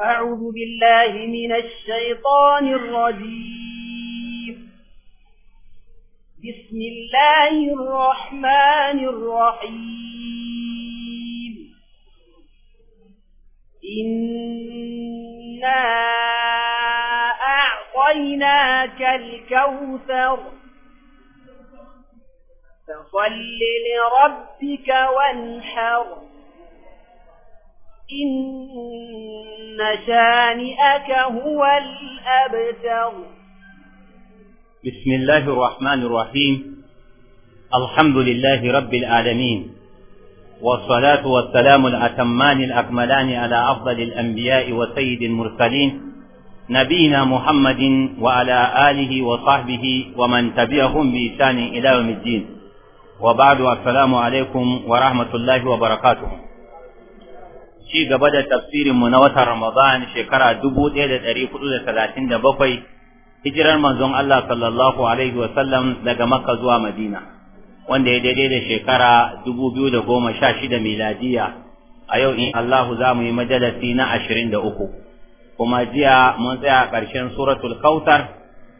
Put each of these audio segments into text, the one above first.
أعوذ بالله من الشيطان الرجيم بسم الله الرحمن الرحيم إنا أعطيناك الكوثر فصل لربك وانحر إن شانئك هو الأبتر بسم الله الرحمن الرحيم الحمد لله رب العالمين والصلاة والسلام الأتمان الأكملان على أفضل الأنبياء وسيد المرسلين نبينا محمد وعلى آله وصحبه ومن تبعهم بإسان إلى يوم الدين وبعد السلام عليكم ورحمة الله وبركاته ci gaba da tafsirin mu na watan Ramadan shekara 1437 hijirar manzon Allah sallallahu alaihi wa sallam daga Makka zuwa Madina wanda ya daidai da shekara 2016 miladiya a yau in Allahu za mu yi majalisi na 23 kuma jiya mun tsaya a ƙarshen suratul kautar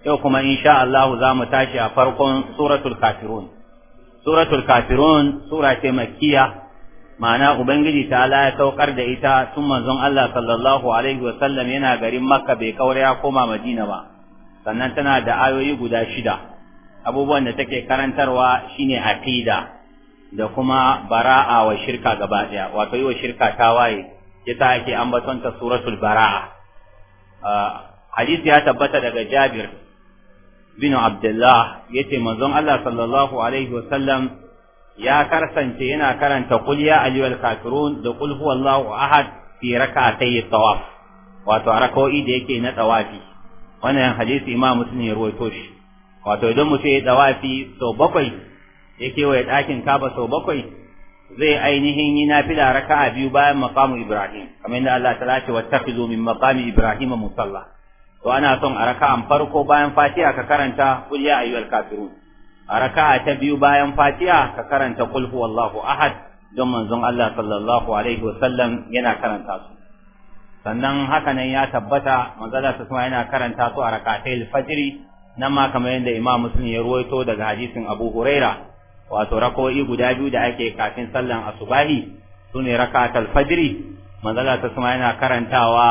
yau kuma insha Allahu za mu tashi a farkon suratul kafirun suratul kafirun sura ce ma'ana ubangiji ta ala ya saukar da ita tun manzon Allah sallallahu alaihi wasallam yana garin makka bai kaura ya koma madina ba sannan tana da ayoyi guda shida abubuwan da take karantarwa shine aqida da kuma bara'a wa shirka gaba daya wato yi wa shirka waye yasa ake ambaton ta suratul bara'a hadisi ya tabbata daga Jabir bin Abdullah yace manzon Allah sallallahu alaihi wasallam ya karsance yana karanta kuliya ya ayyuhal kafirun da kul huwallahu ahad fi rak'atay tawaf wato rak'o'i da yake na tawafi wannan hadisi imam muslim ya ruwaito shi wato idan mutum ya tawafi sau bakwai ya kewaye dakin kaba sau bakwai zai ainihin yi nafila raka'a biyu bayan maqamu ibrahim kamar yadda Allah ta lati wattakhidhu min maqami ibrahim musalla to ana son a raka'an farko bayan fatiha ka karanta kul ya ayyuhal kafirun a raka'a ta biyu bayan fatiha ka karanta qul huwallahu ahad don manzon Allah sallallahu alaihi wasallam yana karanta su sannan haka nan ya tabbata manzala ta kuma yana karanta su a raka'atul fajri nan ma kamar yadda Imam Muslim ya ruwaito daga hadisin Abu Huraira wato rak'o'i guda biyu da ake kafin sallan asubahi sune raka'atul fajri manzala ta kuma yana karantawa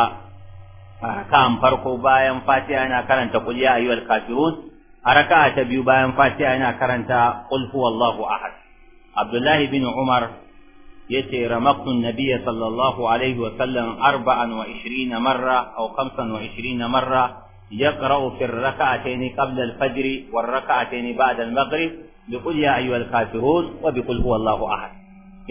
a raka'an farko bayan Fatiha yana karanta qul ya ayyuhal kafirun a raka'a ta biyu bayan fatiha yana karanta qul huwallahu ahad abdullahi bin umar yace ramaktu nabiyya sallallahu alaihi wa sallam arba'an wa ishirina marra aw khamsan wa ishirina marra yaqra'u fi ar-rak'atayn qabla al-fajr wa ar-rak'atayn ba'da al-maghrib biqul ya ayyuhal kafirun wa bi biqul huwallahu ahad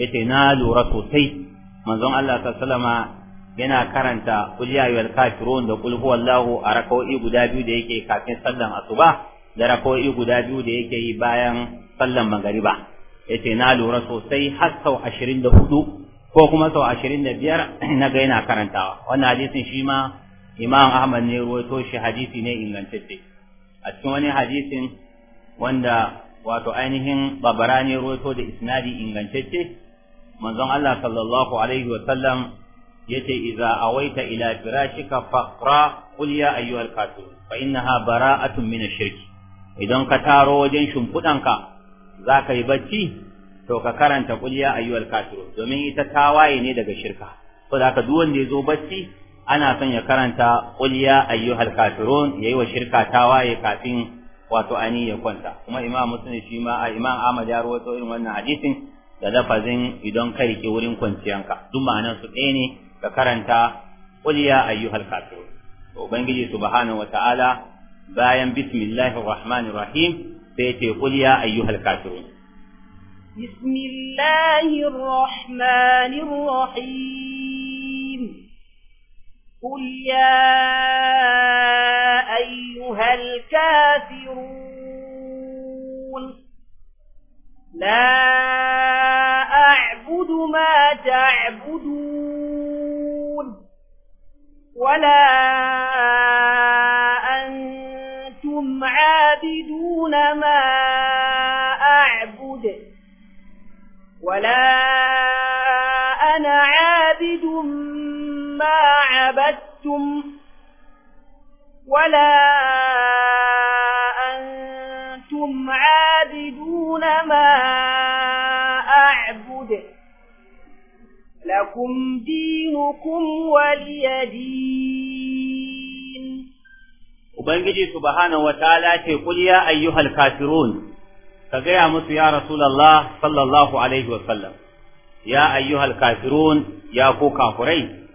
yace na lura sosai manzon Allah sallallahu yana karanta kul ya ayyuhal kafirun da kul huwallahu a rakawi guda biyu da yake kafin sallan asuba da rako'i guda biyu da yake yi bayan sallan magariba yace na lura sosai har sau ashirin da hudu ko kuma sau ashirin da biyar na ga yana karantawa wannan hadisin shi ma imam ahmad ne ruwaito shi hadisi ne ingantacce a cikin wani hadisin wanda wato ainihin babara ne ruwaito da isnadi ingantacce manzon Allah sallallahu alaihi wa sallam yace iza awaita ila firashika faqra qul ya ayyuhal kafirun fa innaha bara'atun min ash shirki. idan ka taro wajen shimfudanka za ka yi bacci to ka karanta kulliya ayyuwal kafirun domin ita ta waye ne daga shirka ko da ka duk wanda ya zo bacci ana son ya karanta kulliya ayyuhal kafirun yayi wa shirka ta waye kafin wato ani ya kwanta kuma imam Musulmi shi ma imam ahmad ya rawaito irin wannan hadisin da lafazin idan ka rike wurin kwanciyanka duk ma'anar su ɗaya ne ka karanta kulliya ayyuhal kafirun ubangiji subhanahu wataala bayan bismillahir rahmanir rahim sai ce qul ya ayyuhal kafirun bismillahir rahmanir rahim qul ya ayyuhal kafirun la a'budu ma ta'budun wala وهم عابدون ما أعبد ولا أنا عابد ما عبدتم ولا أنتم عابدون ما أعبد لكم دينكم ولي دين ubangiji subhanahu wataala ce kul ya ayyuhal kafirun ka gaya musu ya rasulullah sallallahu alaihi wa sallam ya ayyuhal kafirun ya ku kakurai.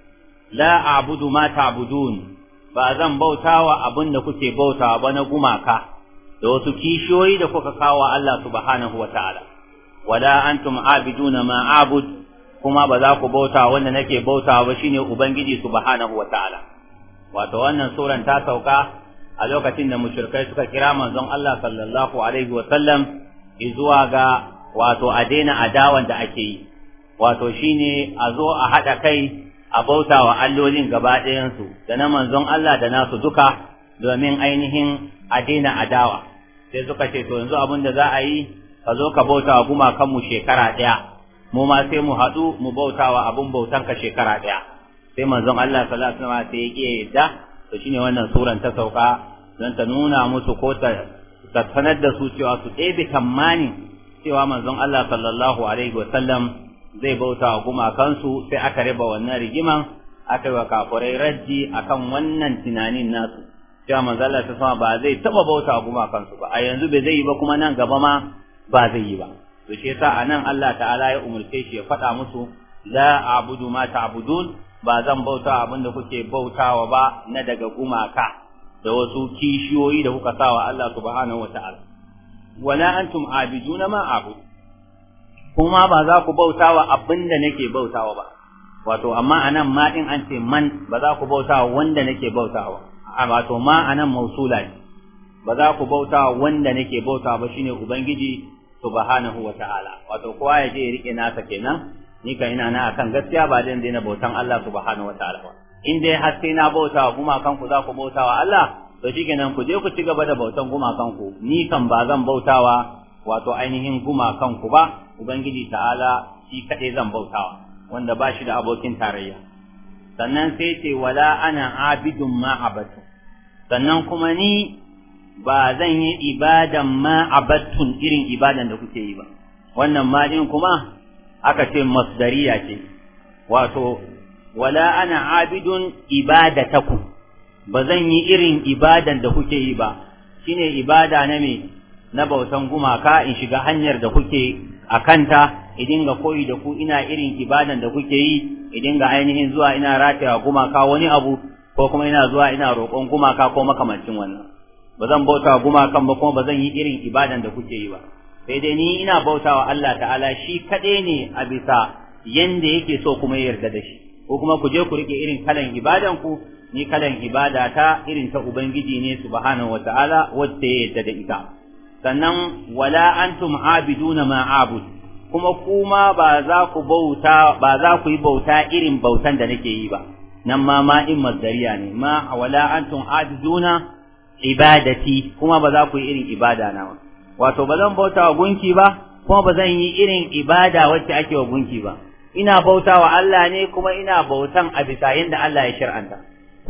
la a'budu ma ta'budun ba zan bautawa abin da kuke bautawa ba na gumaka da wasu kishiyoyi da kuka kawo Allah subhanahu wataala wala antum abiduna ma a'bud kuma ba za ku bauta wanda nake bautawa ba shine ubangiji subhanahu wataala wato wannan suran ta sauka a lokacin da mushrikai suka kira manzon Allah sallallahu alaihi wa sallam zuwa ga wato a daina adawan da ake yi wato shine a zo a haɗa kai a bautawa allolin gaba ɗayansu da na manzon Allah da nasu duka domin ainihin a daina adawa sai suka ce to yanzu abin da za a yi ka zo ka bauta wa gumakanmu shekara ɗaya mu ma sai mu haɗu mu bauta wa abin bautanka shekara ɗaya sai manzon Allah sallallahu alaihi sallam sai ya ƙi yadda to shine wannan suran ta sauka don ta nuna musu ko ta ta da su cewa su ɗebe kammani cewa manzon Allah sallallahu alaihi wa sallam zai bauta wa gumakansu sai aka riba wannan rigiman aka yi wa kafurai raddi akan wannan tunanin nasu cewa manzon Allah ta sama ba zai taɓa bauta wa gumakansu ba a yanzu bai zai yi ba kuma nan gaba ma ba zai yi ba to shi yasa nan Allah ta'ala ya umarce shi ya faɗa musu la a'budu ma ta'budun ba zan bauta abin da kuke bautawa ba na daga gumaka da wasu kishiyoyi da kuka sawa Allah subhanahu wata'ala wala antum abiduna ma abudu kuma ba za ku bautawa abin da nake bautawa ba wato amma anan ma din an ce man ba za ku bautawa wanda nake bautawa wato ma anan mausula ne ba za ku bautawa wanda nake bautawa ba shine ubangiji subhanahu wata'ala wato kowa ya je ya rike nasa kenan ni kan ina na akan gaskiya ba zan daina bautan Allah subhanahu wataala ba in dai har sai na bauta wa gumakan ku za ku bauta wa Allah to shikenan ku je ku ci gaba da bautan gumakan ku ni kan ba zan bautawa wato ainihin gumakan ku ba ubangiji ta'ala shi kaɗai zan bautawa wanda ba shi da abokin tarayya sannan sai ce wala ana abidun ma abatu sannan kuma ni ba zan yi ibadan ma irin ibadan da kuke yi ba wannan ma din kuma aka ce masdariya ce wato wala ana abidun ibadataku ba zan yi irin ibadan da kuke yi ba shine ibada na me na bautan gumaka in shiga hanyar da kuke a kanta idin ga koyi da ku ina irin ibadan da kuke yi idin ga ainihin zuwa ina rataya gumaka wani abu ko kuma ina zuwa ina roƙon gumaka ko makamancin wannan ba zan bauta gumakan ba kuma ba zan yi irin ibadan da kuke yi ba sai dai ni ina wa Allah ta'ala shi kaɗai ne a bisa yanda yake so kuma ya yarda da shi ko kuma ku je ku rike irin kalan ibadanku ku ni kalan ibada ta irin ta ubangiji ne subhanahu wata'ala wacce ya yarda da ita sannan wala antum abiduna ma abud kuma kuma ba za ku bauta ba za ku yi bauta irin bautan da nake yi ba nan ma ma in mazdariya ne ma wala antum abiduna ibadati kuma ba za ku yi irin ibada na ba wato ba zan bauta wa gunki ba kuma ba zan yi irin ibada wacce ake wa gunki ba ina bauta wa Allah ne kuma ina bautan a bisa yadda Allah ya shir'anta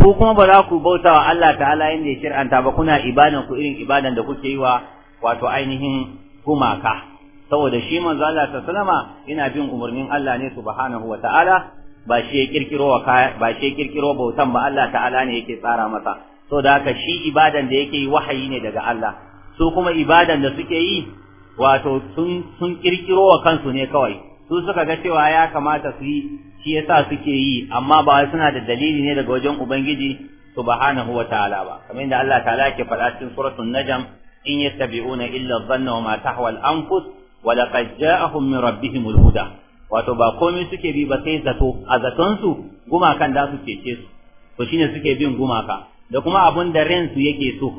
ko kuma ba za ku bauta wa Allah ta'ala yadda ya shir'anta ba kuna ibadan ku irin ibadan da kuke yi wa wato ainihin gumaka saboda shi manzo Allah ta salama ina bin umarnin Allah ne subhanahu wa ta'ala ba shi ya kirkiro wa ba shi ya kirkiro bautan ba Allah ta'ala ne yake tsara masa saboda haka shi ibadan da yake yi wahayi ne daga Allah su kuma ibadan da suke yi wato sun sun kirkiro wa kansu ne kawai su suka ga cewa ya kamata su yi shi yasa suke yi amma ba suna da dalili ne daga wajen ubangiji subhanahu wa ta'ala ba kamar yadda Allah ta'ala ke faɗa cikin suratul najm in yattabi'una illa dhanna wa ma tahwa al-anfus wa laqad ja'ahum min rabbihimul huda wato ba komai suke bi ba sai zato a zaton su gumakan da su cece su to shine suke bin gumaka da kuma abun da ransu yake so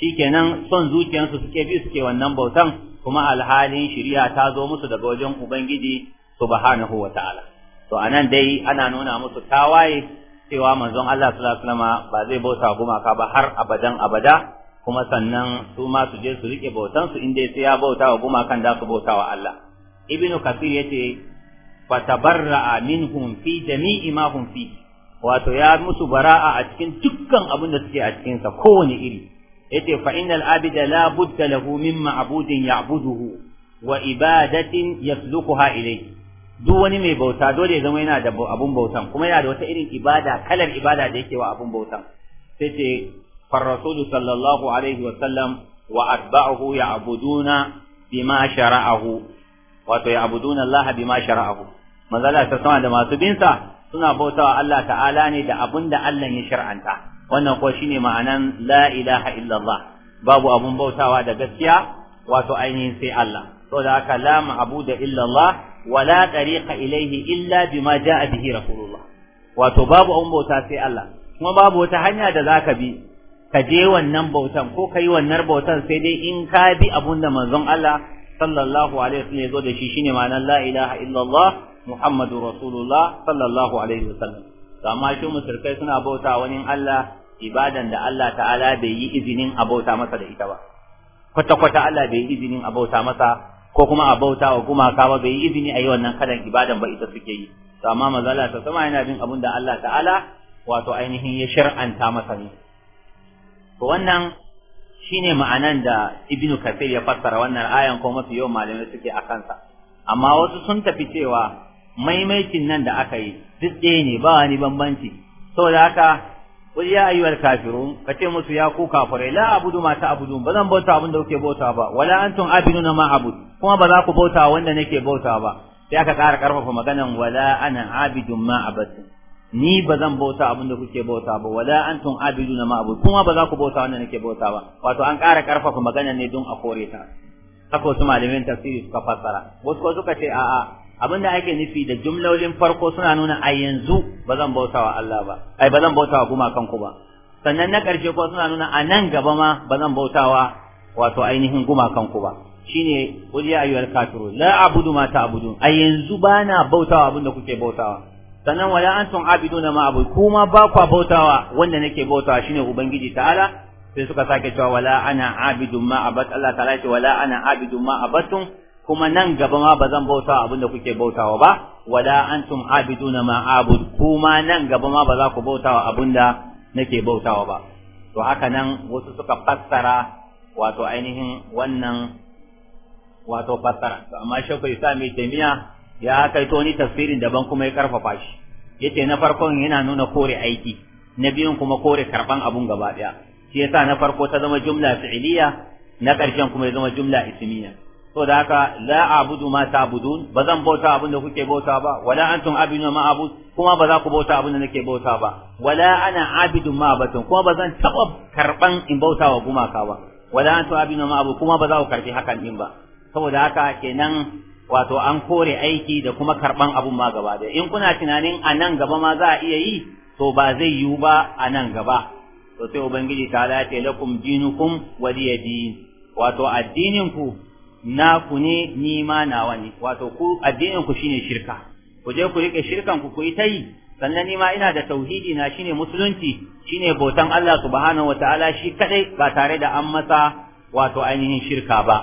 shikenan son zuciyarsu suke bi suke wannan bautan kuma alhalin shari'a ta zo musu daga wajen ubangiji subhanahu wataala to anan dai ana nuna musu tawaye cewa manzon Allah sallallahu alaihi wasallam ba zai bauta gumaka ba har abadan abada kuma sannan su ma su je su rike bautan su inda sai ya bauta wa gumakan da su bauta wa Allah ibnu kafir yace fatabarra'a minhum fi jami'i ma hum fi wato ya musu bara'a a cikin dukkan abin da suke a cikin sa kowane iri yace fa innal abida la budda lahu min ma'budin ya'buduhu wa ibadatin yasluquha ilayhi duk wani mai bauta dole ya zama yana da abun bautan kuma yana da wata irin ibada kalar ibada da yake wa abun bautan sai ce far rasul sallallahu alaihi wa sallam wa atba'uhu ya'buduna bima shara'ahu wato ya'buduna Allah bima shara'ahu manzala ta sama da masu binsa suna bautawa Allah ta'ala ne da abun da Allah ya shar'anta wannan ko shine ma'anan la ilaha illallah babu abun bautawa da gaskiya wato ainihin sai Allah saboda haka la ma'budu illallah wa la tariqa ilayhi illa bima jaa bihi rasulullah wato babu abun bauta sai Allah kuma babu wata hanya da zaka bi ka je wannan bautan ko kai wannan bautan sai dai in ka bi abun da manzon Allah sallallahu alaihi wasallam zo da shi shine ma'anar la ilaha illallah muhammadu rasulullah sallallahu alaihi wasallam amma shi musulkai suna bauta wani Allah ibadan da Allah ta'ala bai yi izinin abauta masa da ita ba kwata-kwata Allah bai yi izinin abauta masa ko kuma abauta wa gumaka ba bai yi izini a yi wannan kalan ibadan ba ita suke yi to amma mazala ta sama yana bin abin da Allah ta'ala wato ainihin ya shar'anta masa ne to wannan shine ma'anan da ibnu kafir ya fassara wannan ayan ko mafi yawan malamai suke a kansa amma wasu sun tafi cewa maimaitin nan da aka yi duk ɗaya ne ba wani bambanci saboda haka qul ya ayyuhal kafirun kace musu ya ku kafirai la abudu ma abudu bazan bauta abin da kuke bauta ba wala antum abiduna ma abud kuma ba za ku bauta wanda nake bauta ba sai aka ƙara karfafa magana wala ana abidun ma abad ni bazan bauta abin da kuke bauta ba wala antum abiduna ma abud kuma ba za ku bauta wanda nake bauta ba wato an ƙara karfafa magana ne don a kore ta haka wasu malamin tafsiri suka fassara wasu suka ce a'a abinda ake nufi da jumlolin farko suna nuna a yanzu ba zan bautawa Allah ba ai ba zan bautawa gumakan kanku ba sannan na ƙarshe ko suna nuna a nan gaba ma ba zan bautawa wato ainihin gumakan kanku ba shine qul ya ayyuhal kafiru, la a'budu ma ta'budun a yanzu ba na abin abinda kuke bautawa sannan wala antum abiduna ma abu kuma ba kwa bautawa wanda nake bautawa shine ubangiji ta'ala sai suka sake cewa wala ana abidun ma abat Allah ta'ala ce wala ana abidun ma abatum kuma nan gaba ma ba zan bauta abinda kuke bautawa ba wala antum abiduna ma abud kuma nan gaba ma ba za ku bautawa abinda nake bautawa ba to haka nan wasu suka fassara wato ainihin wannan wato fassara to amma shekku isa mai jami'a ya kai to ni tafsirin daban kuma ya karfafa shi yace na farkon yana nuna kore aiki na biyun kuma kore karban abun gaba daya shi yasa na farko ta zama jumla fi'liya na ƙarshen kuma ya zama jumla ismiya so da haka la abudu ma ta'budun ba zan bauta abin da kuke bauta ba wala antum abinu ma abud kuma ba za ku bauta abin da nake bauta ba wala ana abidun ma abatun kuma ba zan taba karban in bauta wa gumaka ba wala antum abinu ma abud kuma ba za ku karbi hakan din ba saboda haka kenan wato an kore aiki da kuma karban abun ma gaba da in kuna tunanin a nan gaba ma za a iya yi to ba zai yiwu ba a nan gaba to sai ubangiji ta ce lakum dinukum waliya din wato addinin ku naku ne ni ma nawa ne wato ku addinin ku shine shirka ku je ku rike shirkan ku ku yi ta sannan ni ma ina da tauhidi na shine musulunci shine bautan Allah subhanahu wataala shi kadai ba tare da an masa wato ainihin shirka ba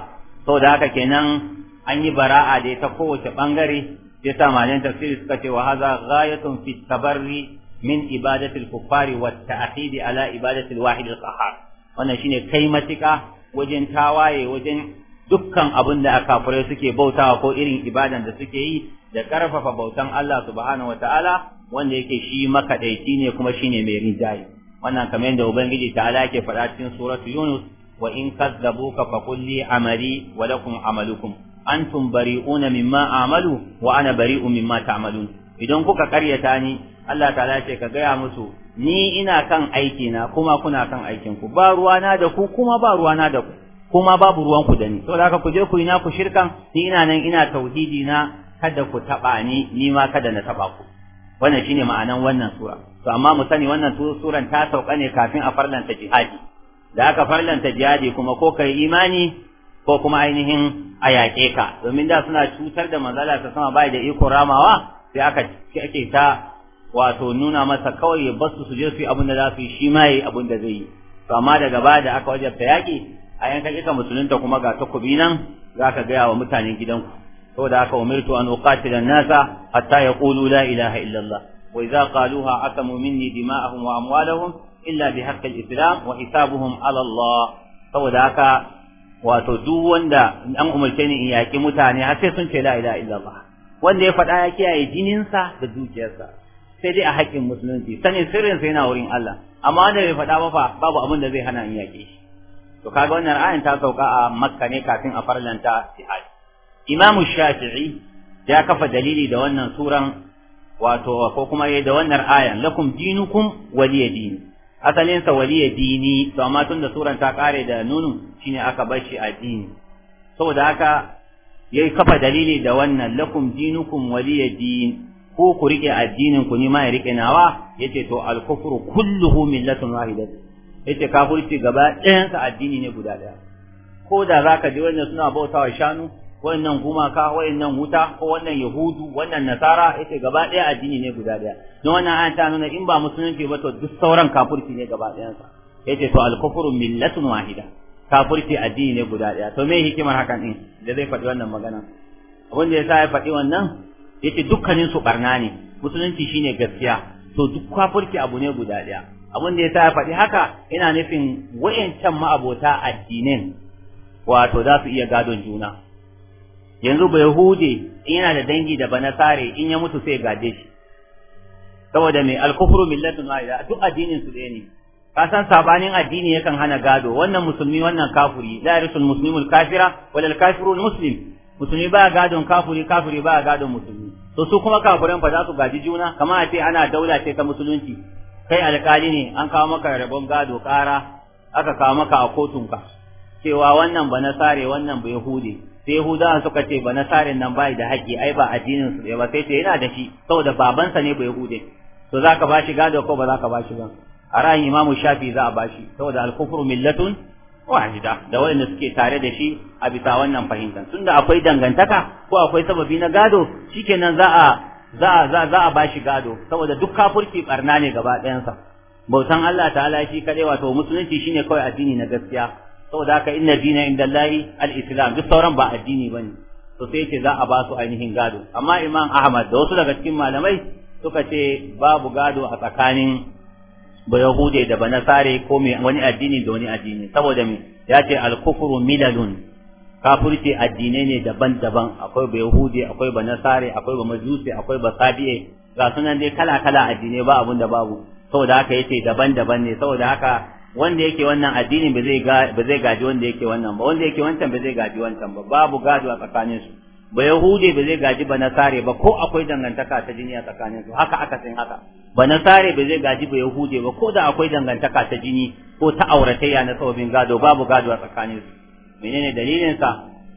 saboda haka kenan an yi bara'a da ta kowace bangare sai sa malamin tafsiri suka ce wa hadha ghayatun fi tabarri min ibadati kuffari wa ta'hid ala ibadatul wahidil wahid qahhar wannan shine kai matika wajen tawaye wajen dukkan abin da kafirai suke bautawa ko irin ibadan da suke yi da karfafa bautan Allah subhanahu wataala wanda yake shi makaɗaici ne kuma shine mai rinjaye wannan kamar yadda ubangiji ta'ala yake faɗa cikin suratu yunus wa in kazzabuka fa kulli amali wa lakum amalukum antum bari'una mimma a'malu wa ana bari'un mimma ta'malun idan kuka karyata ni Allah ta'ala ce ka gaya musu ni ina kan aiki na kuma kuna kan aikin ku ba ruwana da ku kuma ba ruwana da ku kuma babu ruwan ku da saboda haka ku je ku yi na ku shirkan ni ina nan ina tauhidi na kada ku taba ni ni ma kada na taba ku wannan shine ma'anan wannan sura to amma mu sani wannan suran ta sauka ne kafin a farlanta jihadi da aka farlanta jihadi kuma ko kai imani ko kuma ainihin a ka domin da suna cutar da manzala ta sama bai da iko ramawa sai aka ake ta wato nuna masa kawai basu su je su yi abin da za su yi shi ma abin da zai yi to amma daga baya da aka wajabta yaƙi a yanka kika musulunta kuma ga takobi nan zaka gaya wa mutanen gidanku saboda haka umirtu an uqatila nasa hatta yaqulu la ilaha illa Allah wa idza qaluha akamu minni dima'ahum wa amwalahum illa bi haqqi al-islam wa hisabuhum ala Allah saboda haka wato duk wanda an umarce ni in yaki mutane har sai sun ce la ilaha illa Allah wanda ya faɗa ya kiyaye jininsa da dukiyarsa sai dai a haƙƙin musulunci sanin sirrinsa yana wurin Allah amma wanda bai faɗa ba fa babu abin da zai hana in yake shi to kaga wannan ayan ta sauka a makka ne kafin a farlanta jihadi imamu shafi'i ya kafa dalili da wannan suran wato ko kuma yayi da wannan ayan lakum dinukum waliya dini asalin sa waliya dini to amma tun da suran ta kare da nunun shine aka bar shi a dini saboda haka yayi kafa dalili da wannan lakum dinukum waliya din ko ku rike addinin ku ni ma ya rike nawa yace to al-kufru kulluhu millatun wahidatun yace kafirci gaba ɗayansa addini ne guda ɗaya ko da zaka je wannan suna bautawa shanu wannan gumaka wannan wuta ko wannan yahudu wannan nasara yace gaba ɗaya addini ne guda ɗaya don wannan ayan ta nuna in ba musulunci ba to duk sauran kafirci ne gaba ɗayansa yace to al-kufru millatun wahida kafirci addini ne guda ɗaya to me hikimar hakan din da zai faɗi wannan magana abin da yasa ya faɗi wannan yace dukkanin su barna ne musulunci shine gaskiya to duk kafirci abu ne guda ɗaya abin da sa ya faɗi haka ina nufin wa'incan ma'abota addinin wato za su iya gadon juna yanzu bai hude in yana da dangi da banasare in ya mutu sai gade shi saboda mai alkufru millatun wahida duk addinin su ɗaya ne ka san sabanin addini yakan hana gado wannan musulmi wannan kafuri la yarisul muslimul kafira wal kafirul muslim musulmi ba gadon kafuri kafuri ba gadon musulmi to su kuma kafuran fa za su gaji juna kamar a ce ana daula ce ta musulunci kai alkali ne an kawo maka rabon gado ƙara aka kawo maka a kotunka cewa wannan ba na sare wannan ba yahude sai yahudawa suka ce ba na sare nan bai da haƙƙi ai ba addinin su ba sai ce yana da shi saboda babansa ne ba yahude to zaka bashi gado ko ba zaka bashi ba a ra'ayin imamu shafi za a bashi saboda al millatun wahida da wanda suke tare da shi a bisa wannan fahimta tunda akwai dangantaka ko akwai sababi na gado shikenan za a za za za a bashi gado saboda duk kafirci barna ne gaba sa bautan Allah ta'ala shi kade wato musulunci shine kawai addini na gaskiya saboda haka inna dina indallahi al-islam duk sauran ba addini bane to sai ce za a ba su ainihin gado amma imam ahmad da wasu daga cikin malamai suka ce babu gado a tsakanin ba yahude da banasare ko mai wani addini da wani addini saboda me ya ce al-kufru milalun kafirci addinai ne daban-daban akwai ba yahudi akwai ba nasare akwai ba majusi akwai ba sabi'e ga sunan dai kala-kala addinai ba abun da babu saboda haka yace daban-daban ne saboda haka wanda yake wannan addinin ba zai ba zai gaji wanda yake wannan ba wanda yake wancan ba zai gaji wancan ba babu gado a tsakanin su ba yahudi ba zai gaji ba nasare ba ko akwai dangantaka ta jini a tsakanin su haka aka san haka ba nasare ba zai gaji ba yahudi ba ko da akwai dangantaka ta jini ko ta auratayya na sababin gado babu gado a tsakanin su menene dalilin sa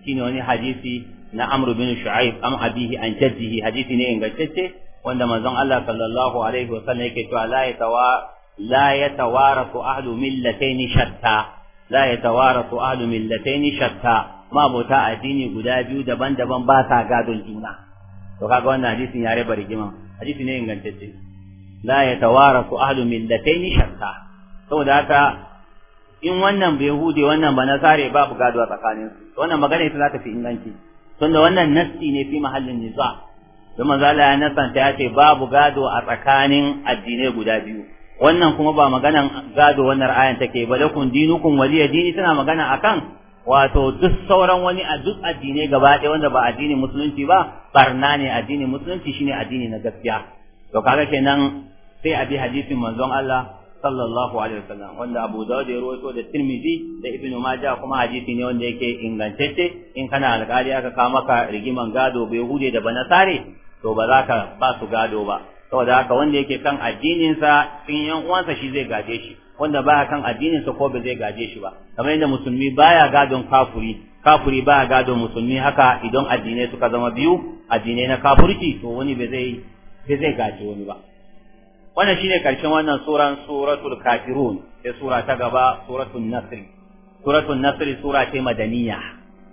shine wani hadisi na Amr bin Shu'aib am abihi an jaddihi hadisi ne ingantacce wanda manzon Allah sallallahu alaihi wasallam yake cewa la yatawa la yatawarasu ahlu millatayn shatta la yatawarasu ahlu millatayn shatta ma bota addini guda biyu daban-daban ba sa gadon juna to kaga wannan hadisin ya raba rigima hadisi ne ingantacce la yatawarasu ahlu millatayn shatta saboda haka in wannan bai hude wannan ba nasare babu gado a tsakanin su wannan magana ita za ta fi inganci tunda wannan nasti ne fi mahallin niza don manzo Allah ya nasanta ya ce babu gado a tsakanin addinai guda biyu wannan kuma ba maganan gado wannan ayan take ba lakum dinukum waliya dini tana magana akan wato duk sauran wani a duk addinai gaba ɗaya wanda ba addinin musulunci ba barna ne addinin musulunci shine addini na gaskiya to kaga kenan sai a bi hadisin manzon Allah sallallahu alaihi wasallam wanda Abu Dawud ya rawaito da Tirmidhi da Ibn Majah kuma hadisi ne wanda yake ingantacce in kana alƙali aka kawo maka rigiman gado bai hude da banasare to ba za ka ba su gado ba saboda haka wanda yake kan addinin sa in yan uwansa shi zai gaje shi wanda baya kan addinin sa ko ba zai gaje shi ba kamar yadda musulmi baya gadon kafuri kafuri baya gadon musulmi haka idan addinai suka zama biyu addinai na kafurci to wani ba zai zai gaje wani ba wannan shine karshen wannan suran suratul kafirun sai sura ta gaba suratul nasr suratul nasr sura ce madaniya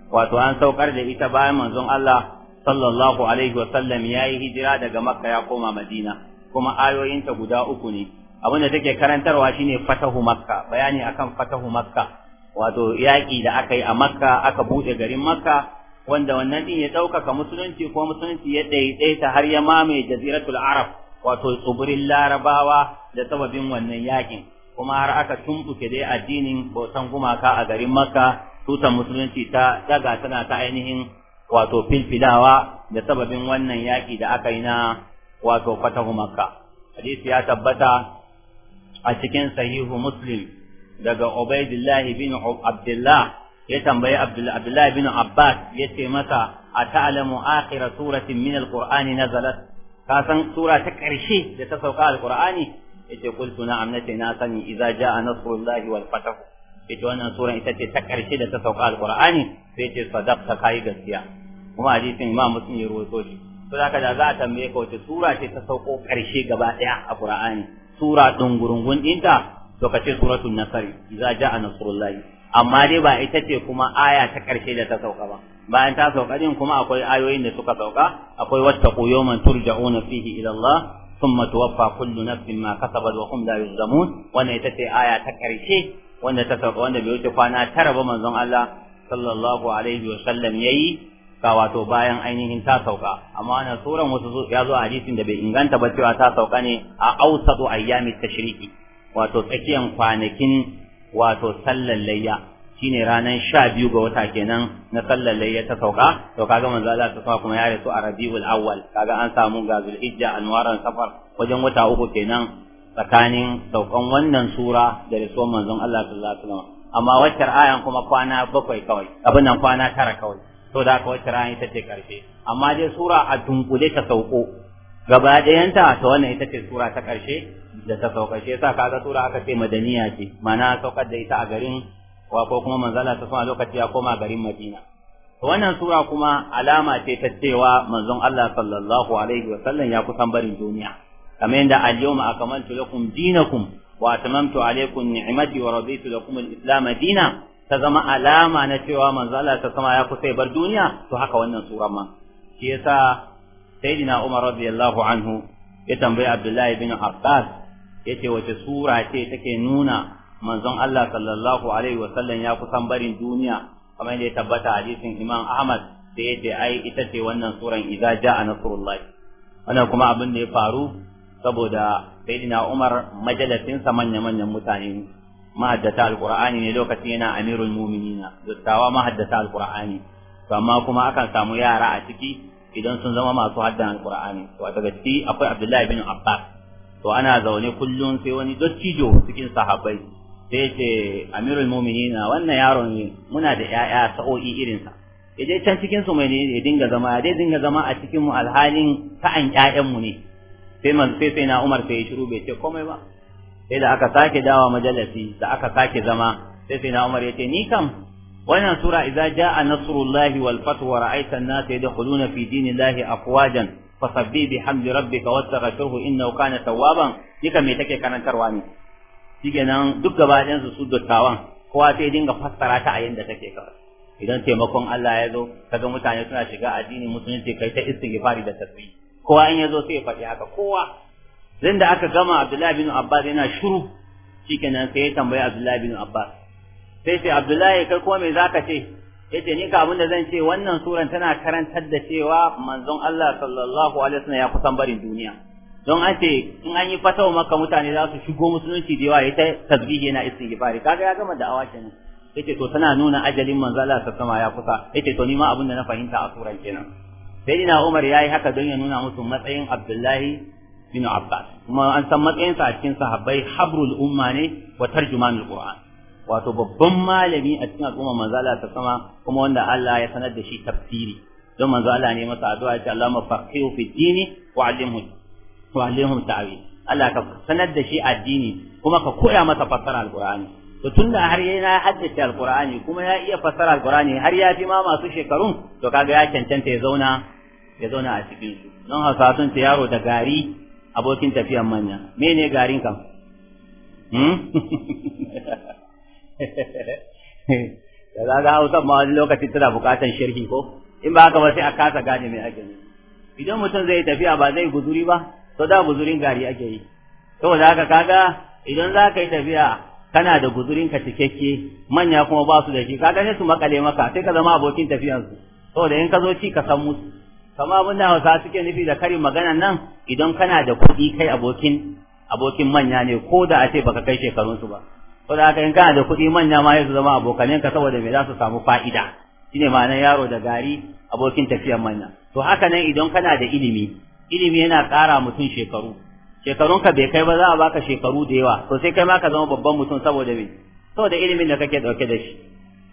wato an saukar da ita bayan manzon Allah sallallahu alaihi wasallam yayi hijira daga makka ya koma madina kuma ayoyinta guda uku ne abin da take karantarwa shine fatahu makka bayani akan fatahu makka wato yaƙi da aka yi a makka aka buɗe garin makka wanda wannan din ya ɗaukaka musulunci ko musulunci ya ɗaiɗaita har ya mamaye jaziratul arab wato tsibirin larabawa da sababin wannan yakin kuma har aka tumbuke dai addinin bautan gumaka a garin makka tutar musulunci ta daga tana ta ainihin wato filfilawa da sababin wannan yaki da aka yi na wato fatahu makka hadisi ya tabbata a cikin sahihu muslim daga ubaidillahi bin abdullah ya tambayi abdullahi bin abbas ya ce masa a ta'lamu akhira suratin min alqur'ani nazalat ka san sura ta ƙarshe da ta sauka alqur'ani yace qultu na'am nace na sani idza jaa nasrullahi wal fath yace wannan sura ita ce ta ƙarshe da ta sauka Alƙur'ani. sai yace sadaqta kai gaskiya kuma hadisin imam muslim ya rawaito shi to zaka da za a tambaye ka wace sura ce ta sauko ƙarshe gaba ɗaya a ƙur'ani, sura dungurungun ɗinta to kace suratul nasr idza jaa nasrullahi amma dai ba ita ce kuma aya ta ƙarshe da ta sauka ba bayan ta sauka din kuma akwai ayoyin da suka sauka akwai wattaqu yawman turja'una fihi ila Allah thumma tuwaffa kullu nafsin ma kasabat wa hum la yuzlamun wannan ita ce aya ta karshe wanda ta sauka wanda bai wuce kwana tara ba manzon Allah sallallahu alaihi wa sallam yayi ka wato bayan ainihin ta sauka amma wannan suran wasu ya zo hadisin da bai inganta ba cewa ta sauka ne a ausatu ayyami tashriki wato tsakiyan kwanakin wato sallan layya shine ranan sha biyu ga wata kenan na sallar layya ta sauka to kaga manzo Allah ta sauka kuma ya rasu a Rabiul Awwal kaga an samu ga Zulhijja anwaran safar wajen wata uku kenan tsakanin saukan wannan sura da rasuwar manzon Allah sallallahu alaihi wasallam amma waccar ayan kuma kwana bakwai kawai abin nan kwana tara kawai to da aka waccar ayan ita ce karshe amma dai sura a dunkule ta sauko gaba ɗayanta ta wannan ita ce sura ta karshe da ta sauka shi yasa kaga sura aka ce madaniya ce ma'ana saukar da ita a garin ko kuma manzala ta sama lokaci ya koma garin Madina wannan sura kuma alama ce ta cewa manzo Allah sallallahu alaihi wa ya kusan barin duniya kamar yadda al-yawma akmaltu lakum dinakum wa atamamtu alaykum ni'mati wa raditu lakum al-islam dina ta zama alama na cewa manzon Allah ta sama ya kusa bar duniya to haka wannan sura ma shi yasa sayyidina Umar radiyallahu anhu ya tambayi Abdullahi bin Abbas yace wace sura ce take nuna manzon Allah sallallahu alaihi wasallam ya kusan barin duniya kamar yadda ya tabbata hadisin Imam Ahmad da yadda ai ita ce wannan suran idza jaa nasrullahi wannan kuma abin da ya faru saboda sayyidina Umar majalisin sa manya manyan mutane mahaddata alqur'ani ne lokacin yana amirul mu'minina dattawa mahaddata alqur'ani to amma kuma akan samu yara a ciki idan sun zama masu haddan alqur'ani to daga ciki akwai Abdullahi bin Abbas to ana zaune kullum sai wani dattijo cikin sahabbai sai ce amirul mu'minina wannan yaron muna da ƴaƴa sa'o'i irinsa ya je can cikin su mai ya dinga zama ya dinga zama a cikin mu alhalin an ƴaƴan mu ne sai man sai sai na Umar sai ya shiru bai ce komai ba sai da aka sake dawa majalisi da aka sake zama sai sai na Umar ya ce ni kam wannan sura idza jaa nasrullahi wal fath wa ra'aita an-nasa yadkhuluna fi dinillahi afwajan fasabbi bihamdi rabbika nauka innahu kana tawwaban yika me take karantarwa ne shikenan duk gaba su su dattawan kowa sai dinga fassara ta a yadda take kawai idan taimakon Allah ya zo kaga mutane suna shiga addinin musulunci kai ta istighfari da tasbih kowa in ya zo sai ya faɗi haka kowa zan aka gama Abdullahi bin Abbas yana shiru shikenan sai ya tambayi Abdullahi bin Abbas sai sai Abdullahi kai kuma me zaka ce yace ni ka abinda zan ce wannan suran tana karantar da cewa manzon Allah sallallahu alaihi wasallam ya kusan barin duniya don an ce in an yi fatawa maka mutane za su shigo musulunci da yawa ya ta tasbihi yana istighfari kaga ya gama da'awa kenan yace to tana nuna ajalin manzo Allah ta sama ya kusa yace to ni ma abin da na fahimta a suran kenan sai ina Umar yayi haka don ya nuna musu matsayin Abdullahi bin Abbas kuma an san matsayinsa a cikin sahabbai habrul umma ne wa tarjumanul Qur'an wato babban malami a cikin al'umma manzo Allah ta sama kuma wanda Allah ya sanar da shi tafsiri don manzo Allah ne masa addu'a ya ce Allahumma faqihu fid dini wa 'allimhu wa alaihim Allah ka sanar da shi addini kuma ka koya masa fassara alqur'ani to tunda har yana haddace alqur'ani kuma ya iya fassara alqur'ani har ya fi ma masu shekarun to kaga ya cancanta ya zauna ya zauna a cikin su don hausa sun ta yaro da gari abokin tafiyan manya mene garin kam da za ga hausa ma wani lokaci tana bukatan shirki ko in ba haka ba sai a kasa gane mai ake idan mutum zai tafiya ba zai guzuri ba to da guzurin gari ake yi saboda haka kaga idan za ka yi tafiya kana da guzurin ka cikakke manya kuma ba su da shi kaga sai su makale maka sai ka zama abokin tafiyansu saboda in ka zo ci ka san musu kama abin da hausa suke nufi da karin magana nan idan kana da kuɗi kai abokin abokin manya ne ko da a ce baka kai shekarunsu ba da haka in kana da kuɗi manya ma su zama abokanen ka saboda me za su samu fa'ida shine ma'anar yaro da gari abokin tafiyan manya to haka nan idan kana da ilimi ilimi yana ƙara mutum shekaru shekarunka bai kai ba za a baka shekaru da yawa to sai kai ma ka zama babban mutum saboda me saboda ilimin da kake dauke da shi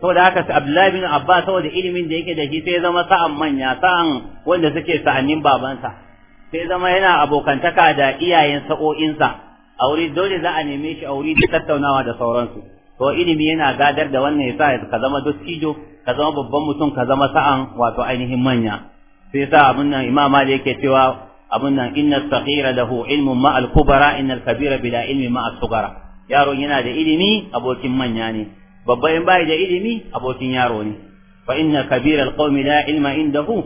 saboda haka Abdullahi bin Abbas saboda ilimin da yake da shi sai zama sa'an manya sa'an wanda suke sa'annin babansa sai zama yana abokantaka da iyayen sa'o'insa a wuri dole za a neme shi a wuri da tattaunawa da sauransu to ilimi yana gadar da wannan ya sa ka zama dottijo ka zama babban mutum ka zama sa'an wato ainihin manya sai sa abin nan imam yake cewa abin nan inna saghira lahu ilmun ma al'kubara inna innal kabira bila ilmi ma as yaron yana da ilimi abokin manya ne babba in bai da ilimi abokin yaro ne fa inna kabira al qaumi la ilma indahu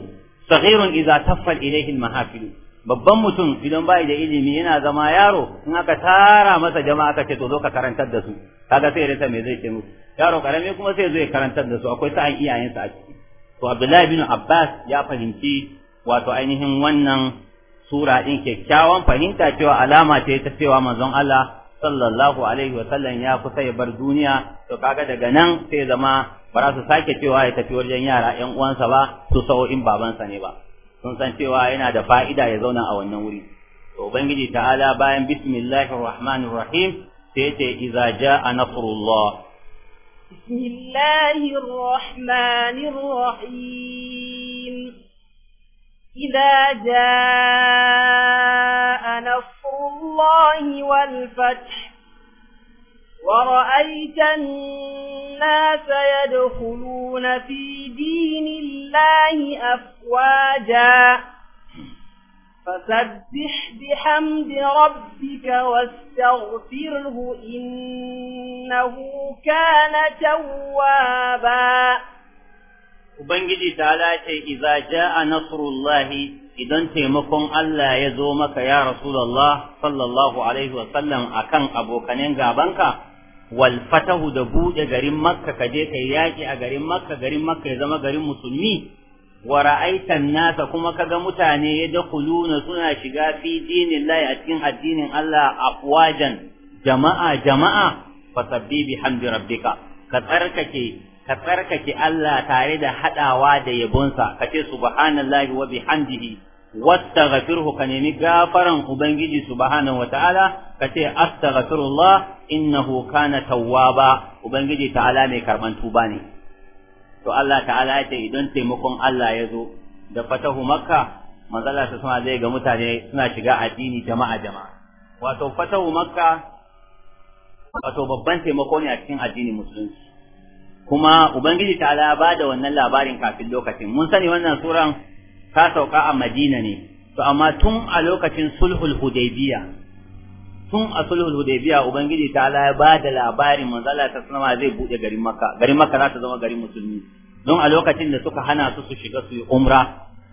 saghirun idza taffa ilayhi babban mutum idan bai da ilimi yana zama yaro in aka tara masa jama'a aka ce to zo ka karantar da su kaga sai rasa me zai ce musu yaro karami kuma sai zo ya karantar da su akwai sa'an iyayensa ake to Abdullahi bin Abbas ya fahimci wato ainihin wannan sura din kyakkyawan fahimta cewa alama ce ta cewa manzon Allah sallallahu alaihi wa sallam ya kusa ya bar duniya to kaga daga nan sai zama ba za su sake cewa ya tafi wajen yara ƴan uwansa ba su in babansa ne ba sun san cewa yana da fa'ida ya zauna a wannan wuri to ubangiji ta'ala bayan bismillahir rahmanir rahim sai ya ce iza jaa nasrullah بسم الله الرحمن الرحيم إذا جاء نصر الله والفتح ورأيت الناس يدخلون في دين الله أفواجاً فسبح بحمد ربك واستغفره إنه كان توابا Ubangiji ta ce, "Iza a Nasrullahi idan taimakon Allah ya zo maka ya Rasulallah sallallahu Alaihi wasallam a kan abokanin gabanka, wal fatahu da buɗe garin Makka ka je ka yaƙi a garin Makka garin Makka ya zama garin musulmi wa ra'aitan nasa kuma kaga mutane ya yadkhuluna suna shiga fi dinillahi a cikin addinin Allah afwajan jama'a jama'a fasabbi bihamdi rabbika ka tsarkake ka tsarkake Allah tare da hadawa da yabonsa kace subhanallahi wa bihamdihi wastaghfirhu ka nemi gafaran ubangiji subhanahu wataala kace astaghfirullah innahu kana tawwaba ubangiji ta'ala mai karban tuba ne to Allah ta'ala ya ce idan taimakon Allah ya zo da fatahu makka manzala ta sama zai ga mutane suna shiga addini jama'a jama'a wato fatahu makka wato babban taimako ne a cikin addinin musulunci kuma ubangiji ta'ala ba da wannan labarin kafin lokacin mun sani wannan suran ta sauka a madina ne to amma tun a lokacin sulhul hudaybiya tun a sulhul hudaybiya ubangiji ta'ala ya ba da labarin manzala ta sama zai bude garin makka garin makka za ta zama garin musulmi don a lokacin da suka hana su su shiga su yi umra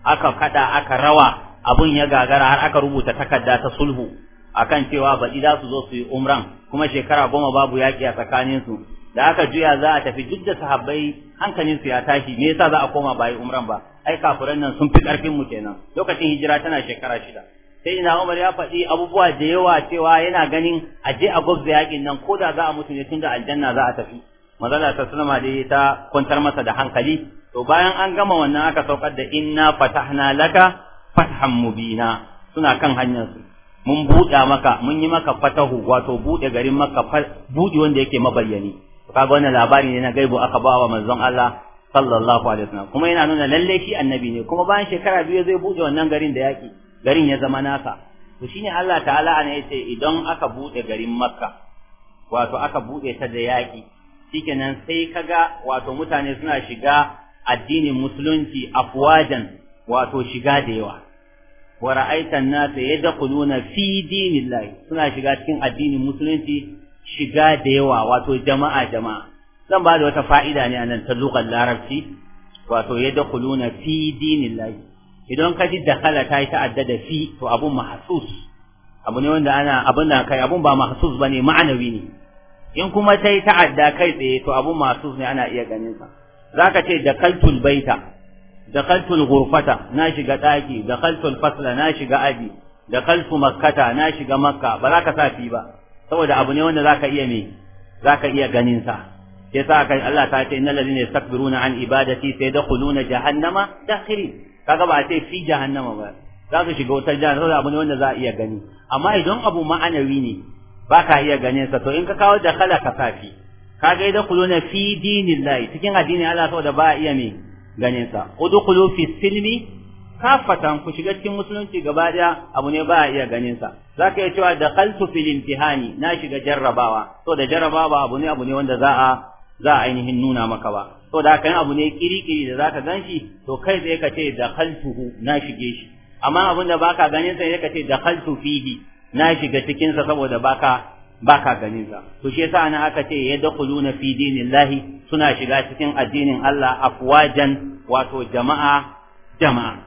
aka kada aka rawa abun ya gagara har aka rubuta takarda ta sulhu akan cewa baɗi za su zo su yi umran kuma shekara goma babu yaƙi a tsakanin su da aka juya za a tafi duk da sahabbai hankalin su ya tashi me yasa za a koma ba umran ba ai kafiran nan sun fi karfin mu kenan lokacin hijira tana shekara shida sai ina Umar ya faɗi abubuwa da yawa cewa yana ganin a je a gwabza yaƙin nan ko da za a mutu ne tun da aljanna za a tafi manzala ta sunama dai ta kwantar masa da hankali to bayan an gama wannan aka saukar da inna fatahna laka fathan mubina suna kan hanyar su mun buɗa maka mun yi maka fatahu wato buɗe garin maka buɗi wanda yake mabayyani kaga wannan labari ne na gaibu aka ba wa manzon Allah sallallahu alaihi wasallam kuma yana nuna lalle shi annabi ne kuma bayan shekara biyu zai buɗe wannan garin da yaki garin ya zama nasa to shine Allah ta'ala ana yace idan aka buɗe garin Makka wato aka buɗe ta da yaki shikenan sai kaga wato mutane suna shiga addinin musulunci afwajan wato shiga da yawa wa ra'aita an-nasa yadkhuluna fi dinillahi suna shiga cikin addinin musulunci shiga da yawa wato jama'a jama'a zan ba da wata fa'ida ne anan ta lugar larabci wato yadkhuluna fi dinillahi idan ka ji dakhala ta yi ta'addada fi to abun mahsus abu ne wanda ana abun da kai abun ba mahsus bane ma'anawi ne in kuma ta yi ta'adda kai tsaye to abu masu ne ana iya ganin sa zaka ce da kaltul baita da kaltul ghurfata na shiga daki da kaltul fasla na shiga aji, da kaltu makkata na shiga makka ba za ka sa fi ba saboda abu ne wanda zaka iya me zaka iya ganin sa sai sa kai Allah ta ce innal ladina yastakbiruna an ibadati sayadkhuluna jahannama dakhiri kaga ba sai fi jahannama ba za su shiga wutar jahannama saboda abu ne wanda za a iya gani amma idan abu ma'anawi ne ba ka iya ganin sa to in ka kawo da khala ka safi da idan na fi dinillahi cikin addini Allah saboda ba iya me ganin sa udkhulu fi silmi kafatan ku shiga cikin musulunci gaba daya abu ne ba iya ganin sa zaka iya cewa dakhaltu fil imtihani na shiga jarrabawa to da jarrabawa abu ne abu ne wanda za a za a ainihin nuna maka ba to da kan abu ne kirikiri da zaka ganshi to kai sai ka ce dakhaltuhu na shige shi amma abin da baka ganin sai ka ce dakhaltu fihi na shiga cikinsa saboda baka baka ganin sa to shi yasa ana aka ce yadkhuluna fi dinillahi suna shiga cikin addinin Allah afwajan wato jama'a jama'a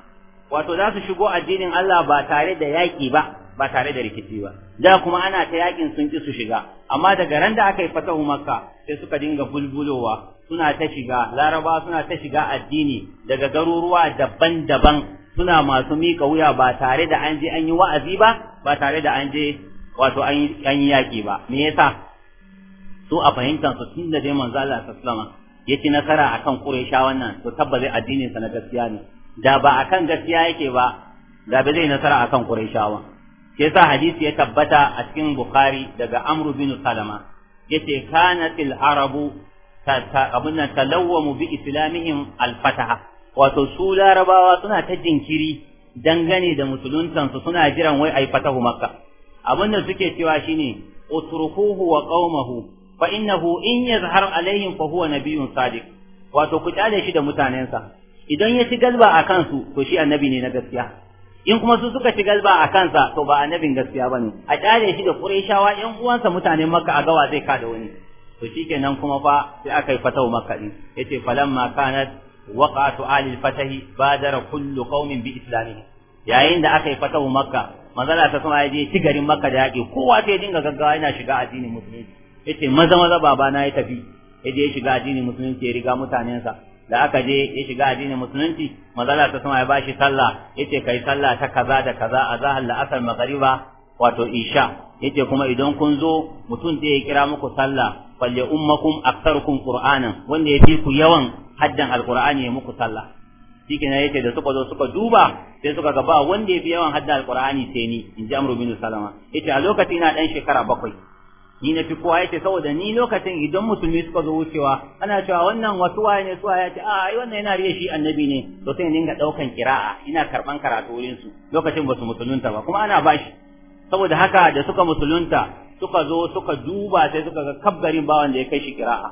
wato za su shigo addinin Allah ba tare da yaki ba ba tare da rikici ba da kuma ana ta yakin sun ki su shiga amma daga ran da aka yi fatahu makka sai suka dinga bulbulowa suna ta shiga laraba suna ta shiga addini daga garuruwa daban-daban suna masu mika wuya ba tare da an je an yi wa'azi ba ba tare da an je wato an yi yaƙi ba me yasa su a fahimtar su tun da dai manzo Allah sallama ya ci nasara akan Quraysha wannan to tabbazai addinin sa na gaskiya ne da ba akan gaskiya yake ba da ba zai nasara akan Qurayshawa Ke yasa hadisi ya tabbata a cikin Bukhari daga Amr bin Salama yace kanatil arabu abunna talawwamu bi islamihim al-fataha wato su larabawa suna ta jinkiri dangane da musuluntansu suna jiran wai ai fatahu makka abin da suke cewa shine utrukuhu wa qaumahu fa innahu in yazhar alaihim fa huwa nabiyyun sadiq wato ku kyale shi da mutanensa idan ya ci galba a kansu to shi annabi ne na gaskiya in kuma su suka ci galba a kansa to ba annabin gaskiya bane a kyale shi da qurayshawa yan uwansa mutanen makka a gawa zai kada wani to shikenan kuma fa sai aka yi fatahu makka din yace falamma kanat waqatu alil fatahi badara kullu qaumin bi islamihim yayin da aka yi fatahu makka manzala ta sama yaje ci garin makka da yaki kowa sai dinga gaggawa yana shiga addinin musulunci yace maza maza baba na ya tafi yaje ya shiga addinin musulunci ya riga mutanensa da aka je ya shiga addinin musulunci manzala ta sama ya bashi sallah yace kai sallah ta kaza da kaza azahar la'asar magariba wato isha yace kuma idan kun zo mutum ya kira muku sallah falle ummakum aktsarukum qur'anan wanda ya fi ku yawan haddan alqur'ani ya muku sallah shikenan yace da suka zo suka duba sai suka ga ba wanda ya fi yawan haddan alqur'ani sai ni in ji amru bin salama yace a lokacin ina dan shekara bakwai ni na fi kowa yace saboda ni lokacin idan musulmi suka zo wucewa ana cewa wannan wasu waye ne suwa yace a ah, ai wannan yana riya shi annabi ne to sai dinga daukan kira'a ina karban karatu wurin su lokacin basu musulunta ba kuma ana bashi saboda haka da suka musulunta suka zo suka duba sai suka ga kabgarin bawan da ya kai shi kira'a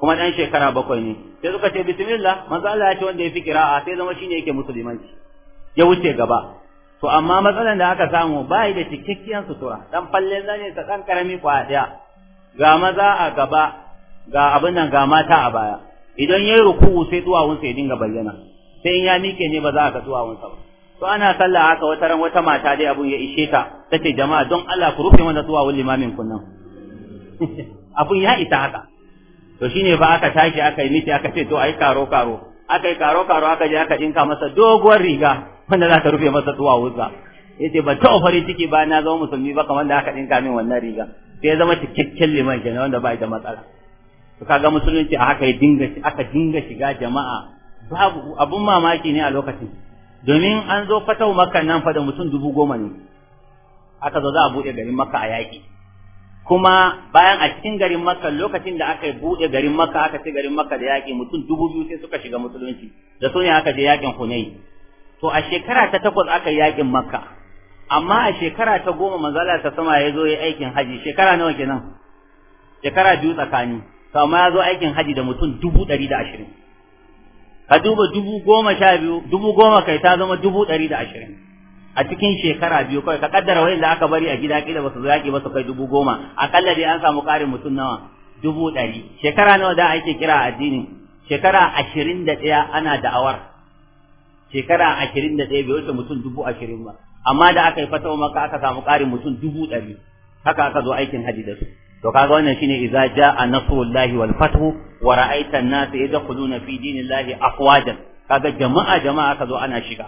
kuma dan shekara bakwai ne sai suka ce bismillah manzo Allah ya ce wanda ya fi kira'a sai zama shine yake musulmanci ya wuce gaba to amma matsalan da aka samu bai da cikakkiyar sutura dan falle zane ta dan karami kwa daya ga maza a gaba ga abin nan ga mata a baya idan yayi ruku'u sai duwawun sai dinga bayyana sai in ya mike ne ba za a ga duwawun sa ba to ana sallah haka wata ran wata mata dai abun ya ishe ta tace jama'a don Allah ku rufe mana zuwa wani limamin kun nan abun ya isa haka to shine ba aka tashi aka yi miki aka ce to ai karo karo aka yi karo karo aka je aka dinka masa doguwar riga wanda za ta rufe masa zuwa wuta yace ba ta fari ciki ba na zama musulmi ba kamar da aka dinka min wannan riga sai ya zama cikakken liman kenan wanda ba da matsala to kaga musulunci a haka ya dinga aka dinga shiga jama'a babu abun mamaki ne a lokacin domin an zo fatau maka nan fa da mutum dubu goma ne aka zo za a buɗe garin maka a yaƙi kuma bayan a cikin garin maka lokacin da aka buɗe garin maka aka ce garin maka da yaƙi mutum dubu biyu sai suka shiga musulunci da su ne aka je yaƙin hunayi to a shekara ta takwas aka yaƙin maka amma a shekara ta goma manzala ta sama ya zo ya aikin haji shekara nawa kenan shekara biyu tsakani to amma ya zo aikin haji da mutum dubu ɗari da ashirin ka duba dubu goma sha biyu dubu goma kai ta zama dubu ɗari da ashirin a cikin shekara biyu kawai ka kaddara wani da aka bari a gida kila basu yaƙi ba su kai dubu goma akalla dai an samu ƙarin mutum nawa dubu ɗari shekara nawa da ake kira a addini shekara ashirin da ɗaya ana da'awar shekara ashirin da ɗaya bai wuce mutum dubu ashirin ba amma da aka yi fatawa maka aka samu ƙarin mutum dubu ɗari haka aka zo aikin hadi da su to kaga wannan shine idza jaa nasrullahi wal fathu wa ra'aita an-nasa yadkhuluna fi dinillahi afwajan kaga jama'a jama'a kazo ana shiga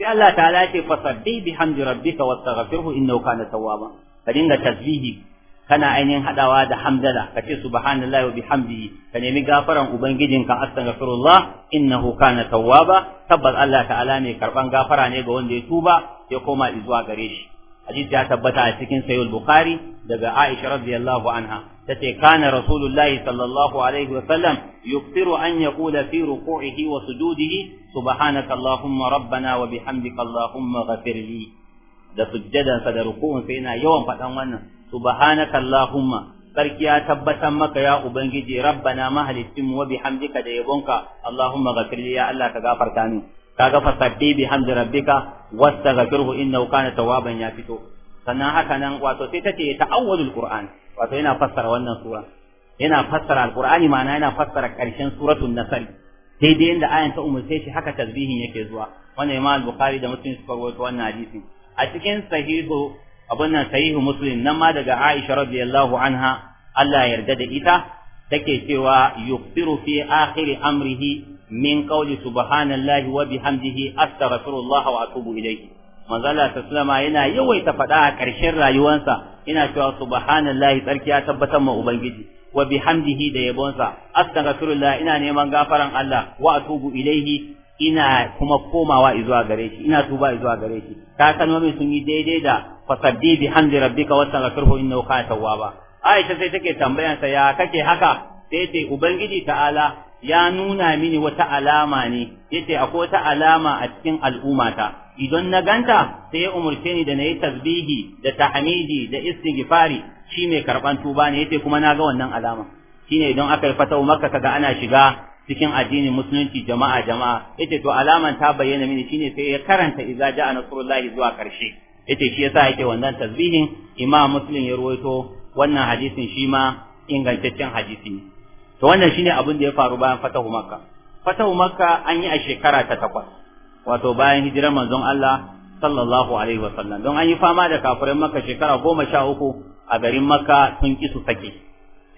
sai Allah ta'ala ce fasabbih bihamdi rabbika wastaghfirhu innahu kana tawwaba ka dinga tasbihi kana ainihin hadawa da hamdala ce subhanallahi wa bihamdihi ka nemi gafaran ubangijinka astaghfirullah innahu kana tawwaba tabbas Allah ta'ala ne karban gafara ne ga wanda ya tuba ya koma zuwa gare shi hadisi ya tabbata a cikin sahih bukhari daga aisha radiyallahu anha tace kana rasulullahi sallallahu alaihi wa sallam yuktiru an yaqula fi ruku'ihi wa sujudihi subhanaka allahumma rabbana wa bihamdika allahumma ghafirli da sujjadan sa da ruku'un sai yana yawan fadan wannan subhanaka allahumma sarki ya tabbatar maka ya ubangiji rabbana mahalicin wa bihamdika da yabonka allahumma ghafirli ya allah ka gafarta ni kaga fasabbi bihamdi rabbika wastaghfirhu innahu kana tawwaban ya fito sannan haka nan wato sai tace ta'awwalul qur'an wato yana fassara wannan sura yana fassara alqur'ani ma'ana yana fassara karshen suratul nasr daidai yanda ayan ta umurce shi haka tasbihin yake zuwa wannan imam al-bukhari da muslim suka rawaito wannan hadisi a cikin sahihu abun nan sahihu muslim nan ma daga aisha radiyallahu anha Allah yarda da ita take cewa yuqtiru fi akhir amrihi min qawli subhanallahi wa bihamdihi astaghfirullah wa atubu ilayhi manzala ta sallama yana yawaita faɗa a ƙarshen rayuwarsa yana cewa subhanallahi tsarki ya tabbatar ma ubangiji wa bihamdihi da yabonsa astaghfirullah ina neman gafaran Allah wa atubu ilayhi ina kuma komawa zuwa gare shi ina tuba zuwa gare shi ta kalmomi sun yi daidai da fasabbi bihamdi rabbika wastaghfirhu innahu kana tawwaba Aisha sai take tambayansa ya kake haka sai ce ubangiji ta'ala ya nuna mini wata alama ne yace akwai wata alama a cikin al'ummata idan na ganta sai ya umurce ni da nayi tasbihi da tahmidi da istighfari shi mai karban tuba ne yace kuma naga wannan alama shine idan aka yi makka kaga ana shiga cikin addinin musulunci jama'a jama'a yace to alaman ta bayyana mini shine sai ya karanta idza ja'a nasrullahi zuwa karshe yace shi yasa yake wannan tasbihin imam muslim ya ruwaito wannan hadisin shi ma ingantaccen hadisi ne to wannan shine abin da ya faru bayan fatahu makka fatahu makka an yi a shekara ta takwas wato bayan hijirar manzon Allah sallallahu alaihi sallam, don an yi fama da kafirin makka shekara goma sha uku a garin makka sun ki su sake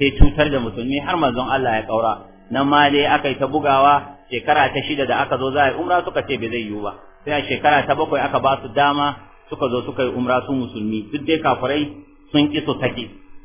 sai cutar da musulmi har manzon Allah ya kaura nan ma dai aka yi ta bugawa shekara ta shida da aka zo za a yi umra suka ce bai zai yiwu ba sai a shekara ta bakwai aka ba su dama suka zo suka yi umra su musulmi duk dai kafirai sun ki su sake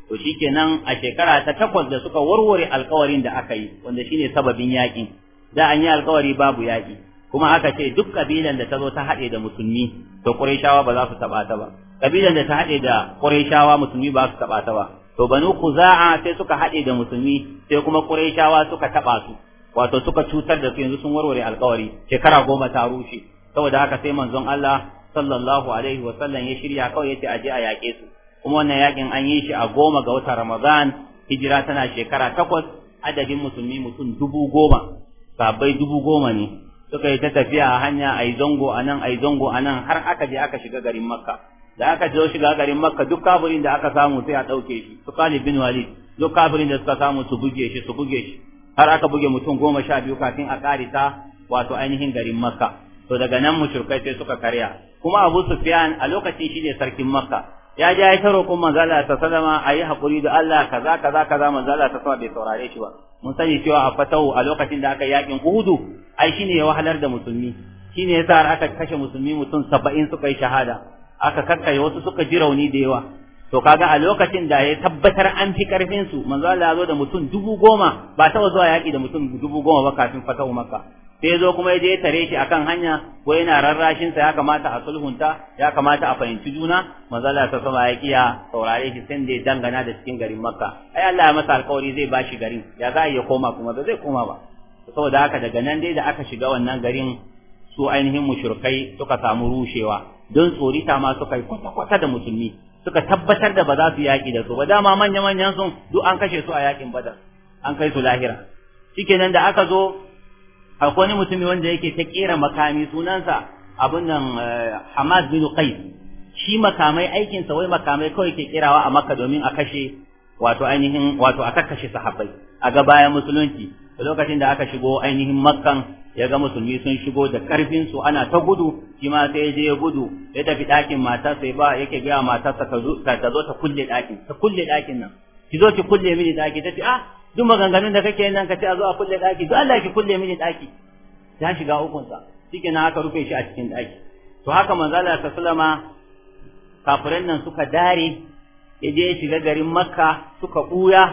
to shi shikenan a shekara ta takwas da suka warware alkawarin da aka yi wanda shine sababin yaƙi, da an yi alkawari babu yaƙi kuma aka ce duk kabilan da ta zo ta haɗe da musulmi to qurayshawa ba za su taɓa ta ba kabilan da ta haɗe da qurayshawa musulmi ba su taɓa ta ba to banu kuza'a sai suka haɗe da musulmi sai kuma qurayshawa suka taɓa su wato suka cutar da su yanzu sun warware alkawari shekara goma ta rushe saboda haka sai manzon Allah sallallahu alaihi wa sallam ya shirya kawai yace aje a yaƙe su kuma wannan yakin an yi shi a goma ga watan Ramadan hijira tana shekara takwas adadin musulmi mutum dubu goma sabai dubu goma ne suka yi ta tafiya a hanya a yi zango a nan a yi zango a nan har aka je aka shiga garin makka da aka je shiga garin makka duk kafirin da aka samu sai a ɗauke shi su kali bin walid duk kafirin da suka samu su buge shi su buge shi har aka buge mutum goma sha biyu kafin a karita wato ainihin garin makka to daga nan mushrikai sai suka karya kuma abu sufyan a lokacin shi ne sarkin makka ya ja ya ta kuma manzo ta sallama ayi hakuri da Allah kaza kaza kaza manzo ta sallama bai saurare shi ba mun sani cewa a fatahu a lokacin da aka yakin Uhudu ai shine ya wahalar da musulmi shine yasa aka kashe musulmi mutum 70 suka yi shahada aka kakkaye wasu suka ji rauni da yawa to kaga a lokacin da ya tabbatar an fi karfin su manzo ya zo da mutum dubu goma ba ta zuwa yaki da mutum dubu goma ba kafin fatahu makka sai zo kuma ya tare shi akan hanya ko yana rarrashin sa ya kamata a sulhunta ya kamata a fahimci juna manzala ta sama ya kiya saurare shi sai da dangana da cikin garin makka ai Allah ya masa alƙawari zai bashi garin ya za ya koma kuma ba zai koma ba saboda haka daga nan dai da aka shiga wannan garin su ainihin mushrikai suka samu rushewa don tsorita ma suka yi kwata-kwata da musulmi suka tabbatar da ba za su yaƙi da su ba dama manya-manyan sun duk an kashe su a yakin badar an kai su lahira shikenan da aka zo akwai wani mutumi wanda yake ta kera makami sunansa abun nan eh, Hamad bin Qais shi makamai aikin sa wai makamai kawai ke kirawa a Makka domin a kashe wato ainihin wato a kakkashe sahabbai a ga bayan musulunci lokacin da aka shigo ainihin Makkan ya ga musulmi sun shigo da karfin su ana ta gudu shi ma sai ya je ya gudu ya tafi dakin mata sai ba yake ga matarsa ta zo ta kulle ɗakin ta kulle dakin nan ki zo ki kulle mini daki ta ce ah duk maganganun da kake nan ka ce a zo a kulle daki duk Allah ki kulle mini daki ya shiga hukunsa shike na aka rufe shi a cikin daki to haka manzala Allah sallama kafiran nan suka dare ya ya shiga garin Makka suka buya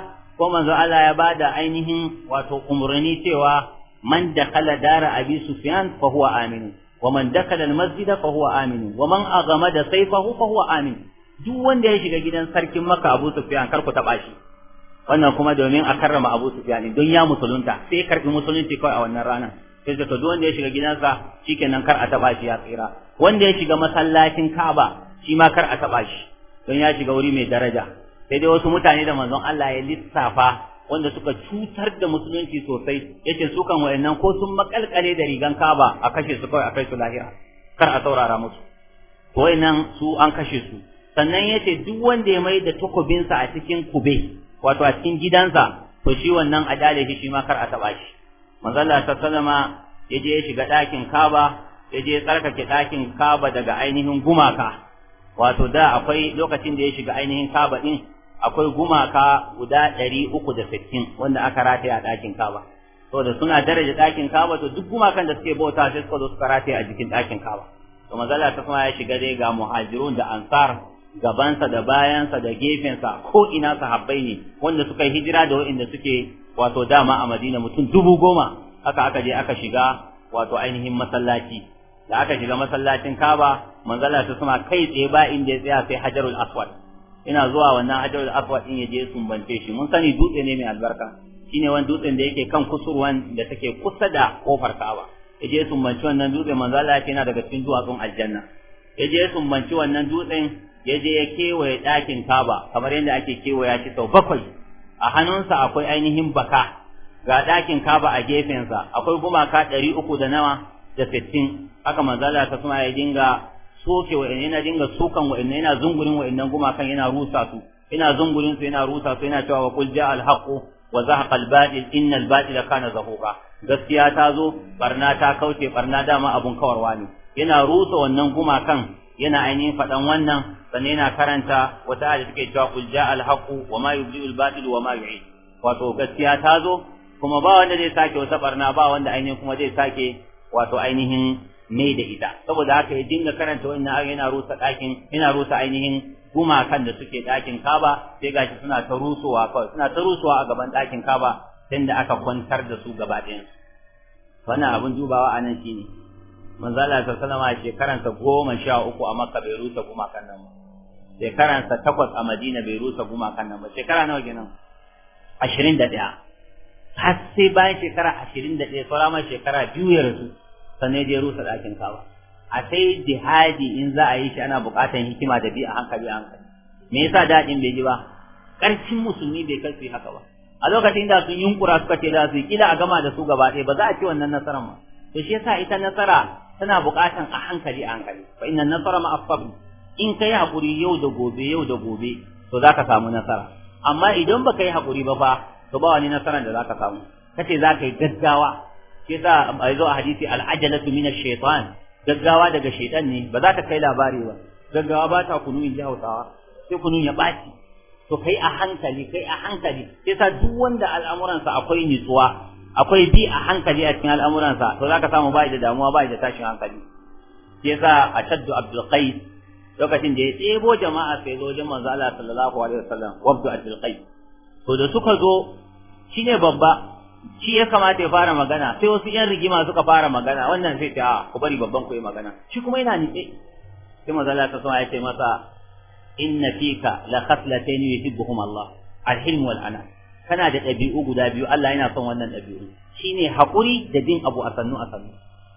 ko manzo Allah ya bada ainihin wato umurni cewa man kala dara abi sufyan fa huwa amin wa man dakhala al-masjid fa huwa amin wa man da sayfahu fa huwa amin duk wanda ya shiga gidan sarkin Makka Abu Sufyan kar ku taba shi wannan kuma domin a karrama Abu Sufyan don ya musulunta sai karbi musulunci kawai a wannan ranar sai ta to wanda ya shiga gidansa shikenan kar a taba shi ya tsira wanda ya shiga masallacin kaba shi ma kar a taba shi don ya shiga wuri mai daraja sai dai wasu mutane da manzon Allah ya lissafa wanda suka cutar da musulunci sosai yace su kan wayannan ko sun makalkale da rigan kaba a kashe su kawai a kai su lahira kar a saurara musu wayannan su an kashe su sannan yace duk wanda ya mai da takobinsa a cikin kube wato a cikin gidansa to shi wannan a dale shi shi ma kar a taba shi manzo Allah sallama ya shiga ɗakin Kaba ya je ya tsarkake ɗakin Kaba daga ainihin gumaka wato da akwai lokacin da ya shiga ainihin Kaba ɗin akwai gumaka guda ɗari uku da sittin wanda aka rataye a ɗakin Kaba da suna daraja ɗakin kaba to duk gumakan da suke bauta sai suka zo suka rataye a jikin ɗakin kaba to manzala ta ya shiga dai ga muhajirun da ansar gabansa da bayansa da gefensa ko ina sahabbai ne wanda suka yi hijira da waɗanda suke wato dama a Madina mutum dubu goma haka aka je aka shiga wato ainihin masallaci da aka shiga masallacin Kaaba manzala ta suna kai tsaye ba inda ya tsaya sai Hajarul Aswad ina zuwa wannan Hajarul Aswad din yaje sumbance shi mun sani dutse ne mai albarka shine wani dutsen da yake kan kusurwan da take kusa da kofar Kaaba yaje sumbance wannan dutse manzala yana daga cikin duwatsun aljanna yaje sumbance wannan dutsen ya je ya kewaye ɗakin kaba kamar yadda ake kewaya shi sau bakwai a hannunsa akwai ainihin baka ga ɗakin kaba a gefensa akwai gumaka ɗari uku da nawa da sittin haka manzala ta kuma ya dinga soke wa'in yana dinga sukan wa'in yana zungurin wa'innan gumakan yana rusa su yana zungurin su yana rusa su yana cewa wa qul ja'a al-haqqu wa zahaqa al-batil inna al-batila kana zahuqa gaskiya ta zo barna ta kauce barna dama abun kawarwa ne yana rusa wannan gumakan yana ainihin faɗan wannan sannan yana karanta wata ayat take cewa qul jaa al-haqqu wa ma yubdi'u al-batil wa ma yu'id wato gaskiya ta zo kuma ba wanda zai sake wata barna ba wanda ainihin kuma zai sake wato ainihin mai da ita saboda haka ya dinga karanta wannan ayoyi yana rusa ɗakin yana rusa ainihin gumakan da suke ɗakin kaba sai gashi suna ta rusuwa suna ta a gaban ɗakin kaba tunda aka kwantar da su gaba ɗayan wannan abin dubawa a nan shine manzo Allah sallallahu alaihi shekaran sa goma sha uku a Makka bai rusa gumakan nan ba shekaran sa takwas a Madina bai rusa gumakan nan ba shekara nawa kenan 21 har sai bayan shekara 21 saura ma shekara biyu ya rasu sannan ya rusa ɗakin kawa a sai jihadi in za a yi shi ana buƙatar hikima da bi a hankali hankali me yasa daɗin bai ji ba ƙarfin musulmi bai kai su haka ba a lokacin da sun yunkura suka ce za su yi kila a gama da su gaba ɗaya ba za a ci wannan nasarar ma da shi yasa ita nasara tana buƙatan a hankali a hankali fa inna nasara ma asabr in kai hakuri yau da gobe yau da gobe to zaka samu nasara amma idan baka yi hakuri ba fa to ba wani nasara da zaka samu kace zaka yi gaggawa shi yasa a zo a hadisi al-ajalatu min ash shaitan? gaggawa daga shaitan ne ba za ta kai labari ba gaggawa ba ta kunu in ji Hausawa sai kunun ya baci to kai a hankali kai a hankali sai sa duk wanda al'amuransa akwai nitsuwa akwai bi a hankali a cikin al'amuransa to za zaka samu bai da damuwa bai da tashin hankali shi yasa ashaddu abdul qais lokacin da ya tsebo jama'a sai zo wajen manzo Allah sallallahu alaihi wasallam wabdu abdul qais to da suka zo shine babba shi ya kamata ya fara magana sai wasu yan rigima suka fara magana wannan sai ta ah, ku bari babban ku yi magana shi kuma yana nitse sai manzo Allah sallallahu alaihi wasallam ya ce masa inna fika la khaslatayn yuhibbuhum Allah al-hilm wal ana kana da ɗabi'u guda biyu Allah yana son wannan ɗabi'u shine haƙuri da bin abu a sannu a sannu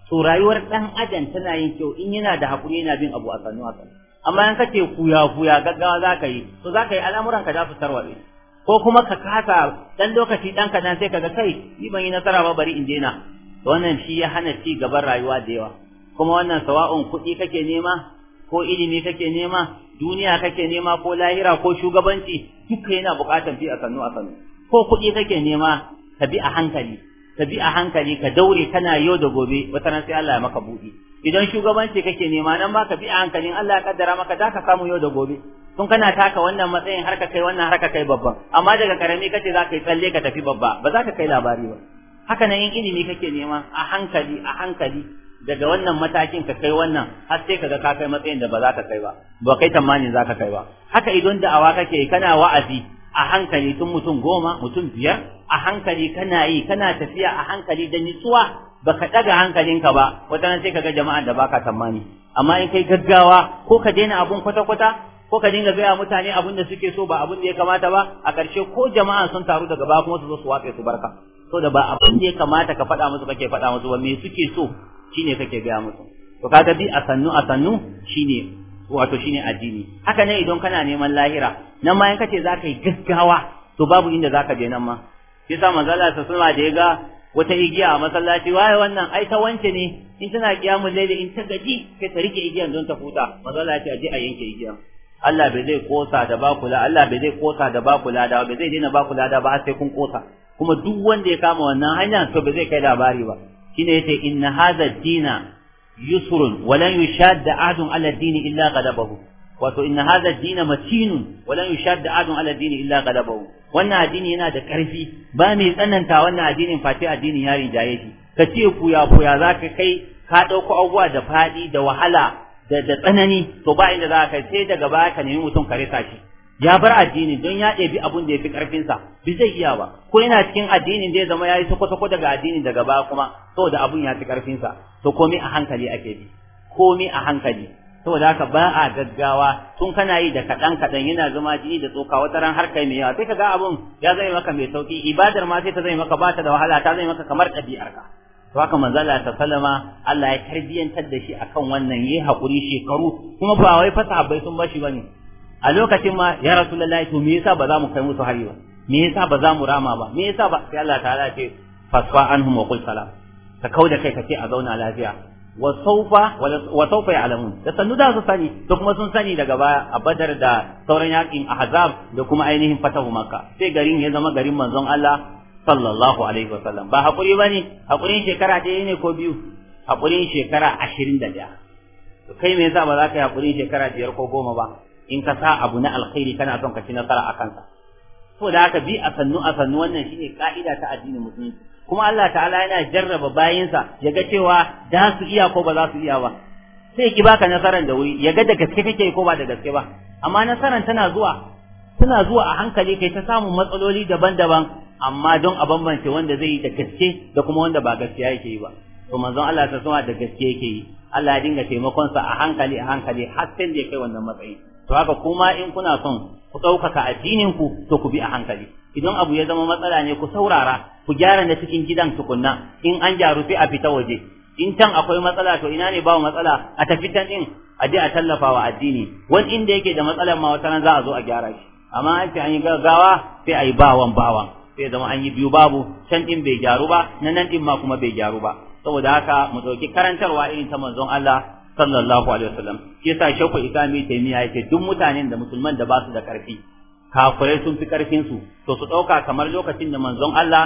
to rayuwar ɗan adam tana yin kyau in yana da haƙuri yana bin abu a sannu a sannu amma in kace kuya kuya gaggawa za ka yi to za ka yi al'amuran ka za su tarwaɗe ko kuma ka kasa ɗan lokaci ɗan kaɗan sai ka ga kai ni ban yi nasara ba bari in daina wannan shi ya hana ci gaban rayuwa da yawa kuma wannan sawa'un kuɗi kake nema ko ilimi kake nema duniya kake nema ko lahira ko shugabanci duka yana buƙatar bi a sannu a sannu ko kuɗi kake nema ka bi a hankali ka bi a hankali ka daure kana yau da gobe wata sai Allah ya maka buɗi idan shugabanci kake nema nan ba ka bi a hankalin Allah ya kaddara maka za ka samu yau da gobe tun kana taka wannan matsayin har ka kai wannan har ka kai babban amma daga karami kace za ka yi tsalle ka tafi babba ba za ka kai labari ba haka nan yin ilimi kake nema a hankali a hankali daga wannan matakin ka kai wannan har sai kaga ka kai matsayin da ba za ka kai ba ba kai tamanin za ka kai ba haka idan da awa kake kana wa'azi a hankali tun mutum goma mutum biyar a hankali kana yi kana tafiya a hankali da nitsuwa baka daga hankalinka ba watanan sai kaga jama'an da baka tsammani amma in kai gaggawa ko ka daina abun kwata-kwata ko ka dinga gaya mutane abun da suke so ba abun da ya kamata ba a ƙarshe ko jama'a sun taru daga baya kuma su zo su watsa su barka so da ba abun da ya kamata ka faɗa musu kake faɗa musu ba me suke so shine kake gaya musu to kaga bi a sannu a sannu shine wato shine addini haka ne idan kana neman lahira nan ma in kace za ka yi gaggawa to babu inda za ka je nan ma shi yasa manzo sa sallallahu da ya ga wata igiya a masallaci waye wannan ai ta wance ne in tana kiyamul layli in ta gaji sai ta rike igiyan don ta huta manzo ce aje a yanke igiya. Allah bai zai kosa da bakula Allah bai zai kosa da bakula da bai zai daina bakula da ba sai kun kosa kuma duk wanda ya kama wannan hanya to bai zai kai labari ba shine yace inna hadha dina yusrun wa lan yushadda ahadun ala dini illa wato inna hadha ad-din matin wa lan yushadda ala dini illa ghalabahu wannan addini yana da karfi ba mai tsananta wannan addinin fati addinin yari da shi ka ce kuya kuya zaka kai ka dauko abubuwa da fadi da wahala da da tsanani to ba inda za kai, sai daga baya ka nemi mutum ka resa shi ya bar addini don ya ɗebi abun da ya fi ƙarfinsa bi zai iya ba ko yana cikin addinin ya zama yayi sako-sako daga addinin daga baya kuma saboda abun ya fi karfin sa to komai a hankali ake bi komai a hankali saboda haka ba a gaggawa tun kana yi da kaɗan kaɗan yana zama jini da tsoka wata ran har kai mai yawa sai ka abun ya zai maka mai sauki ibadar ma sai ta zai maka ba ta da wahala ta zai maka kamar ɗabi'arka to haka manzo Allah ta sallama Allah ya tarbiyantar da shi akan wannan yayi hakuri shekaru kuma ba wai bai sun bashi bane a lokacin ma ya rasulullahi to me yasa ba za mu kai musu hari ba me yasa ba za mu rama ba me yasa ba sai Allah ta'ala ce fasfa anhum wa qul salam ka kauda kai kace a zauna lafiya wa sawfa wa sawfa ya'lamun da sanu da su sani to kuma sun sani daga baya a badar da sauran yakin ahzab da kuma ainihin fatahu makka sai garin ya zama garin manzon Allah sallallahu alaihi wasallam ba hakuri bane hakurin shekara ɗaya ne ko biyu hakurin shekara ashirin da ɗaya kai me yasa ba za ka yi hakuri shekara biyar ko goma ba in ka sa abu na alkhairi kana son ka ci nasara a kansa saboda da haka bi a sannu a sannu wannan shine ka'ida ta addinin musulunci kuma Allah ta'ala yana jarraba bayinsa ya ga cewa da su iya ko ba za su iya ba sai ki baka nasaran da wuri ya ga da gaske kake ko ba da gaske ba amma nasaran tana zuwa tana zuwa a hankali kai ta samu matsaloli daban-daban amma don a bambance wanda zai yi da gaske da kuma wanda ba gaskiya yake yi ba to manzon Allah ta sama da gaske yake yi Allah ya dinga taimakon sa a hankali a hankali har sai da kai wannan matsayi to haka kuma in kuna son ku ɗaukaka addinin ku to ku bi a hankali idan abu ya zama matsala ne ku saurara ku gyara na cikin gidan tukunna in an gyaru sai a fita waje in can akwai matsala to ina ne babu matsala a tafi can din a je a tallafa wa addini wani inda yake da matsala ma wata za a zo a gyara shi amma an ce an yi gaggawa sai a yi bawan bawan sai zama an yi biyu babu can din bai gyaru ba na nan din ma kuma bai gyaru ba saboda haka mu ɗauki karantarwa irin ta manzon Allah sallallahu alaihi wasallam shi yasa shauku islami taymiya yake duk mutanen da musulman da ba su da karfi kafirai sun fi karfin su to su dauka kamar lokacin da manzon Allah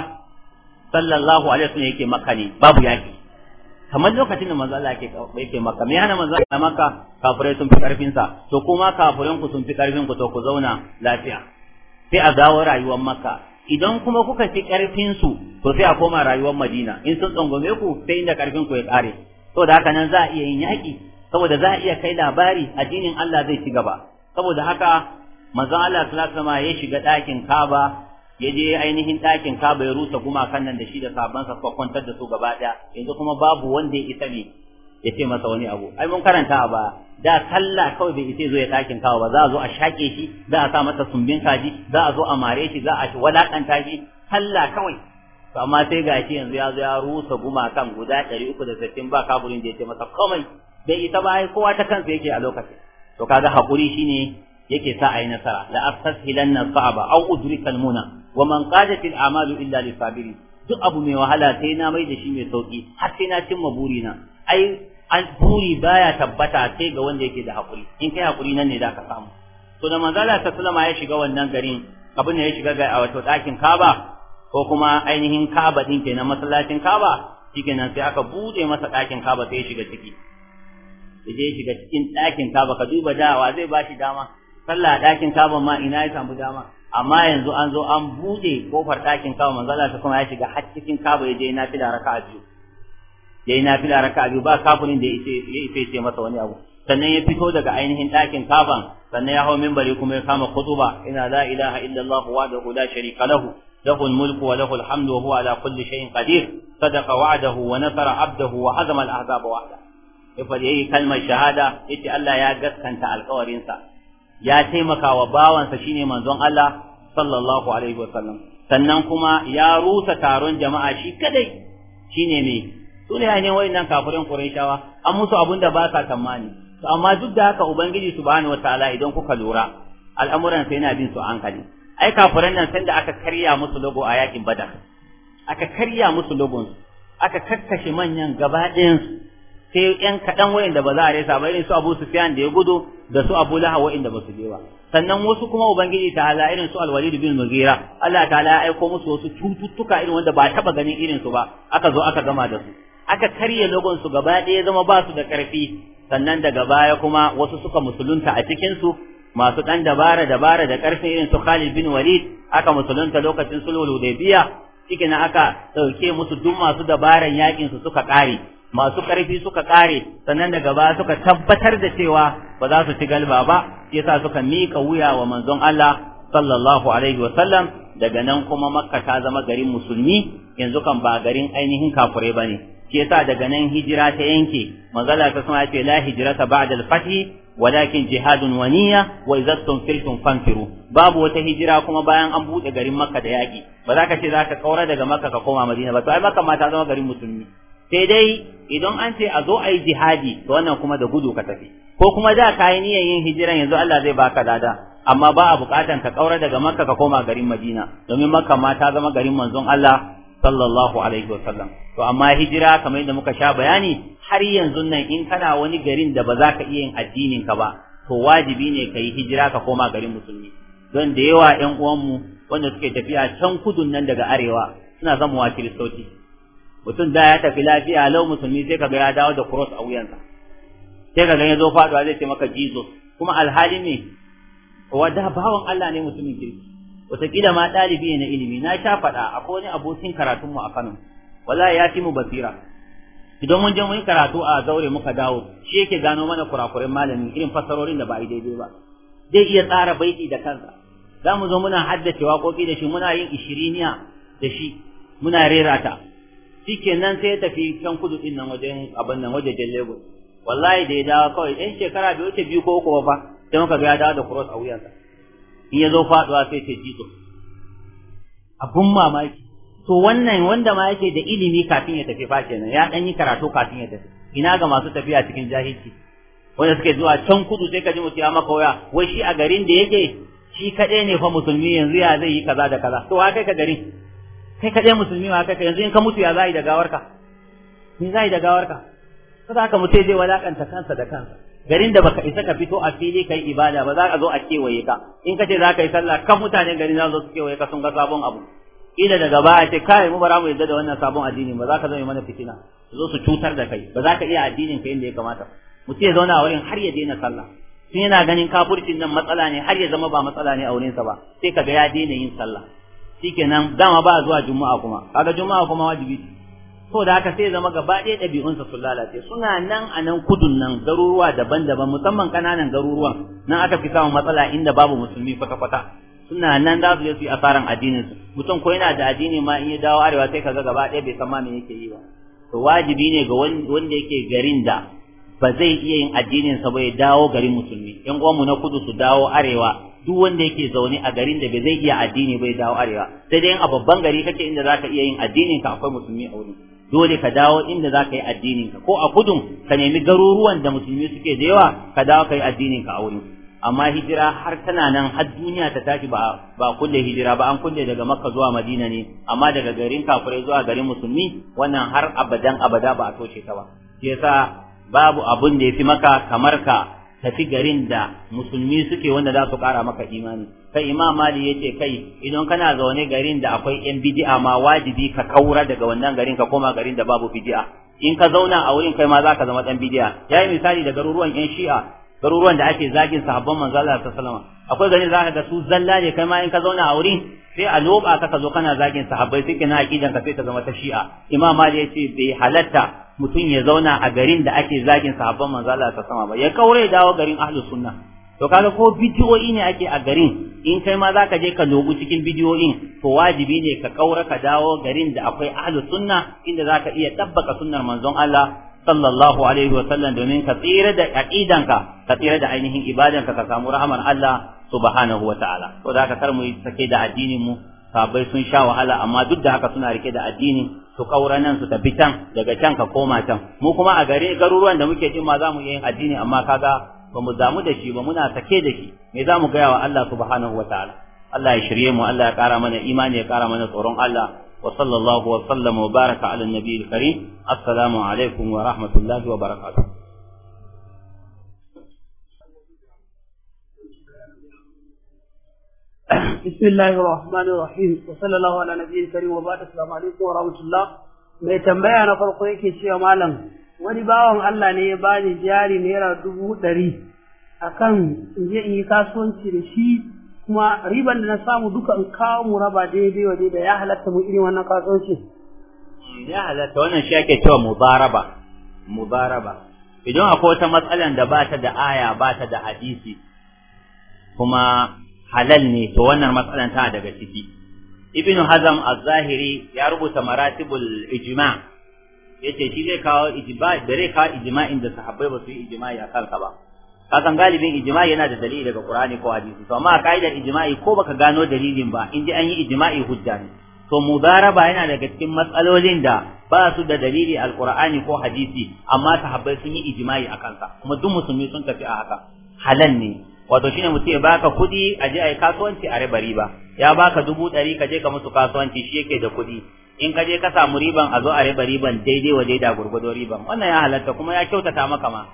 sallallahu alaihi wasallam yake makka ne babu yaki kamar lokacin da manzon Allah yake yake makka me yana manzon Allah makka kafirai sun fi karfin sa to kuma kafirin ku sun fi karfin ku to ku zauna lafiya sai a dawo rayuwar makka idan kuma kuka fi ƙarfinsu to sai a koma rayuwar madina in sun tsangwame ku sai inda ƙarfinku ya ƙare saboda haka nan za a iya yin yaƙi saboda za a iya kai labari addinin Allah zai ci gaba saboda haka manzon Allah sallallahu alaihi ya shiga ɗakin Kaaba ya je ainihin ɗakin Kaaba ya rusa gumakan nan da shi da sabon sa kwantar da su gaba daya yanzu kuma babu wanda ya isa ne ya ce masa wani abu ai mun karanta ba da sallah kawai bai isa zo ya ɗakin Kaaba ba za a zo a shaƙe shi za a sa masa sumbin kaji za a zo a mare shi za a walaƙanta shi sallah kawai to amma sai gashi yanzu ya zo ya rusa gumakan guda 360 ba kaburin da yake masa komai dai ita ba ai kowa ta kansa yake a lokacin to kaga hakuri shine yake sa ayi nasara la astashilanna sa'aba aw udrikal muna wa man qadat al'amalu illa sabiri duk abu mai wahala sai na mai da shi mai sauki har sai na cimma burina ai an buri baya tabbata sai ga wanda yake da hakuri in kai hakuri nan ne da ka samu to da manzala ta sallama ya shiga wannan garin abin da ya shiga ga wato dakin kaba ko kuma ainihin kaba din kenan masallacin Ka'aba shikenan sai aka bude masa ɗakin kaba sai ya shiga ciki ya shiga cikin ɗakin kaba, ka duba da wa zai bashi dama sallah ɗakin kaba ma ina ya samu dama amma yanzu an zo an bude kofar ɗakin kaba manzala ta kuma ya shiga har cikin Ka'aba ya je nafila raka'a biyu yayi nafila raka'a biyu ba kafirin da ya ya ce masa wani abu sannan ya fito daga ainihin ɗakin kaban sannan ya hau minbari kuma ya kama kutuba ina la ilaha illallah wa da la sharika lahu له الملك وله الحمد وهو على كل شيء قدير صدق وعده ونصر عبده وهزم الأحزاب وحده يفدي كلمة شهادة إتي الله يا قد كنت القوارين يا تيمك وباوان سشيني من دون الله صلى الله عليه وسلم سننكما يا روس تارون جماعة شي كدي شيني مي سولي هاي نوين نان كافرين قريشاوا أموسو أبون دباسا كماني amma duk da haka ubangiji subhanahu wataala idan kuka lura al'amuran sai yana bin su hankali ai kafiran nan sanda aka karya musu logo a yakin badar aka karya musu logon aka kakkashe manyan gaba ɗayan sai yan kaɗan wa'inda ba za a resa ba irin su Abu Sufyan da ya gudu da su Abu Lahab wa'inda ba su je ba sannan wasu kuma ubangiji ta hala irin su Al-Walid bin Mughira Allah ta hala ya aiko musu wasu cututtuka irin wanda ba taba ganin irin su ba aka zo aka gama da su aka karya logon su gaba zama ba su da ƙarfi sannan daga baya kuma wasu suka musulunta a cikin su masu dan dabara dabara da ƙarfin irin su Khalid bin Walid aka musulunta lokacin sulhul Hudaybiya cikin aka dauke musu duk masu dabaran yakin su suka ƙare, masu karfi suka ƙare, sannan daga ba suka tabbatar da cewa ba za su ci galba ba yasa suka mika wuya wa manzon Allah sallallahu alaihi wa sallam daga nan kuma makka ta zama garin musulmi yanzu kan ba garin ainihin kafurai ba ne shi yasa daga nan hijira ta yanke manzala ta sama ce la hijrata ba'da al-fath walakin jihadun waniya wa idza tunfirtum fanfiru babu wata hijira kuma bayan an bude garin makka da yaki ba za ka ce za ka kaura daga makka ka koma madina ba to ai makka ma ta zama garin musulmi sai dai idan an ce a zo a yi jihadi to wannan kuma da gudu ka tafi ko kuma da ka yi niyyar yin hijiran yanzu Allah zai baka lada amma ba a bukatan ka kaura daga makka ka koma garin madina domin makka ma ta zama garin manzon Allah sallallahu alaihi wa sallam to amma hijira kamar yadda muka sha bayani har yanzu nan in kana wani garin da ba za ka iya yin addinin ka ba to wajibi ne ka yi hijira ka koma garin musulmi don da yawa ƴan uwanmu wanda suke tafiya can kudun nan daga arewa suna zama wa kiristoci mutum da ya tafi lafiya lau musulmi sai kaga ya dawo da cross a wuyansa sai kaga ya zo faduwa zai ce maka jesus kuma alhali ne da bawan Allah ne musulmin kirki wataƙila ma ɗalibi na ilimi na sha faɗa akwai wani abokin karatun mu a Kano wallahi ya fi mu basira idan mun je mun karatu a zaure muka dawo shi yake gano mana kurakurin malami irin fassarorin da ba yi daidai ba zai iya tsara baiti da kansa za mu zo muna haddace waƙoƙi da shi muna yin ishiriniya da shi muna rera ta shikenan sai ya tafi can kudu din nan wajen abin nan jelle go wallahi da ya dawo kawai ɗan shekara bai wuce biyu ko uku ba sai muka ga ya dawo da cross a wuyansa in ya zo faɗuwa sai ce jizo abun mamaki to wannan wanda ma yake da ilimi kafin ya tafi fa kenan ya dan yi karatu kafin ya tafi ina ga masu tafiya cikin jahilci wanda suke zuwa can kudu sai ka ji mutum ya maka waya wai shi a garin da yake shi kaɗai ne fa musulmi yanzu ya zai yi kaza da kaza to wa kai ka garin kai ka ɗaya musulmi ma kai yanzu in ka mutu ya za yi da gawarka ni za yi da gawarka saboda haka mutu zai walakanta kansa da kansa garin da baka isa ka fito a fili ka yi ibada ba za ka zo a kewaye ka in ka ce za ka yi sallah kan mutanen garin za su kewaye ka sun ga sabon abu ila daga a ce kai mu bara mu yadda da wannan sabon addini ba za ka zama mana fitina su zo su cutar da kai ba za ka iya addinin ka inda ya kamata mutum ya zauna a wurin har ya daina sallah tun yana ganin kafurcin nan matsala ne har ya zama ba matsala ne a wurinsa ba sai ka ga ya daina yin sallah shikenan dama ba zuwa juma'a kuma kaga juma'a kuma wajibi to da haka sai zama gaba ɗaya ɗabi'unsa sun lalace suna nan a nan kudun nan garuruwa daban-daban musamman ƙananan garuruwan nan aka fi samun matsala inda babu musulmi kwata-kwata suna nan za su je su yi asaran addinin su mutum ko yana da addini ma in ya dawo arewa sai kaga gaba ɗaya bai san ma me yake yi ba to wajibi ne ga wanda yake garin da ba zai iya yin addinin sa ba ya dawo garin musulmi yan uwanmu na kudu su dawo arewa duk wanda yake zaune a garin da bai zai iya addini bai dawo arewa sai dai a babban gari kake inda zaka iya yin addinin ka akwai musulmi a wurin dole ka dawo inda zaka yi addinin ka ko a kudun ka nemi garuruwan da musulmi suke da yawa ka dawo ka yi addinin ka a wurin amma hijira har tana nan har duniya ta tashi ba ba kulle hijira ba an kulle daga makka zuwa madina ne amma daga garin kafirai zuwa garin musulmi wannan har abadan abada ba a toshe ta ba shi yasa babu abun da ya fi maka kamar ka tafi garin da musulmi suke wanda za su kara maka imani kai imam mali yace kai idan kana zaune garin da akwai yan bid'a ma wajibi ka kaura daga wannan garin ka koma garin da babu bid'a in ka zauna a wurin kai ma za ka zama dan bid'a yayi misali da garuruwan yan shi'a garuruwan da ake zagin sahabban manzo Allah sallallahu alaihi akwai garin ka ga su zalla ne kai ma in ka zauna a wurin sai a loba ka ka zo kana zagin sahabbai sai kana aqidan ka sai ka zama ta shi'a imam mali ce bai halatta mutum ya zauna a garin da ake zagin sahabban manzo Allah ta sama ba ya kaure dawo garin ahlu sunna to kaga ko bidiyoyi ne ake a garin in kai ma zaka je ka logu cikin bidiyoyin to wajibi ne ka kaura ka dawo garin da akwai ahlu sunna inda zaka iya tabbaka sunnar manzon Allah sallallahu alaihi wa sallam domin ka tsira da aqidanka ka tsira da ainihin ibadanka ka samu rahmar Allah subhanahu wa ta'ala to da haka kar mu sake da addinin mu sabai sun sha wahala amma duk da haka suna rike da addinin. su kaura nan su tafi can daga can ka koma can mu kuma a gare garuruwan da muke cin ma zamu mu yi addini amma kaga ba mu zamu da shi ba muna sake da shi me za mu gaya wa Allah subhanahu wataala Allah ya shirye mu Allah ya kara mana imani ya kara mana tsoron Allah wa sallallahu wa sallama wa baraka ala nabiyil karim assalamu alaikum wa rahmatullahi wa barakatuh بسم الله الرحمن الرحيم وصلى الله على نبي الكريم وبعد السلام عليكم ورحمة الله mai tambaya na farko yake cewa malam wani bawan Allah ne ya bani jari naira dubu ɗari akan in je in yi kasuwanci da shi kuma riban da na samu duka in kawo mu raba daidai wa ya halatta mu irin wannan kasuwanci ya halatta wannan shi ake idan akwai wata matsalan da ba ta da aya ba ta da hadisi kuma halal ne to wannan matsalan ta daga ciki ibnu hazam az-zahiri ya rubuta maratibul ijma yace shi zai kawo ijma bare ka ijma'in da sahabbai ba su yi ijma'i a kansa ba kasan galibin ijma'i yana da dalili daga qur'ani ko hadisi to amma kaidar ijma'i ko baka gano dalilin ba in ji an yi Ijima'i hujja ne to mudaraba yana daga cikin matsalolin da ba su da dalili alqur'ani ko hadisi amma sahabbai sun yi ijima'i akan sa kuma duk musulmi sun tafi a haka halal ne wato shine mutum ya baka kuɗi a je a yi kasuwanci a riba riba ya baka dubu ɗari ka je ka musu kasuwanci shi yake da kuɗi in ka je ka samu riban a zo a riba riban daidai wa daida gurgudo riban wannan ya halatta kuma ya kyautata maka ma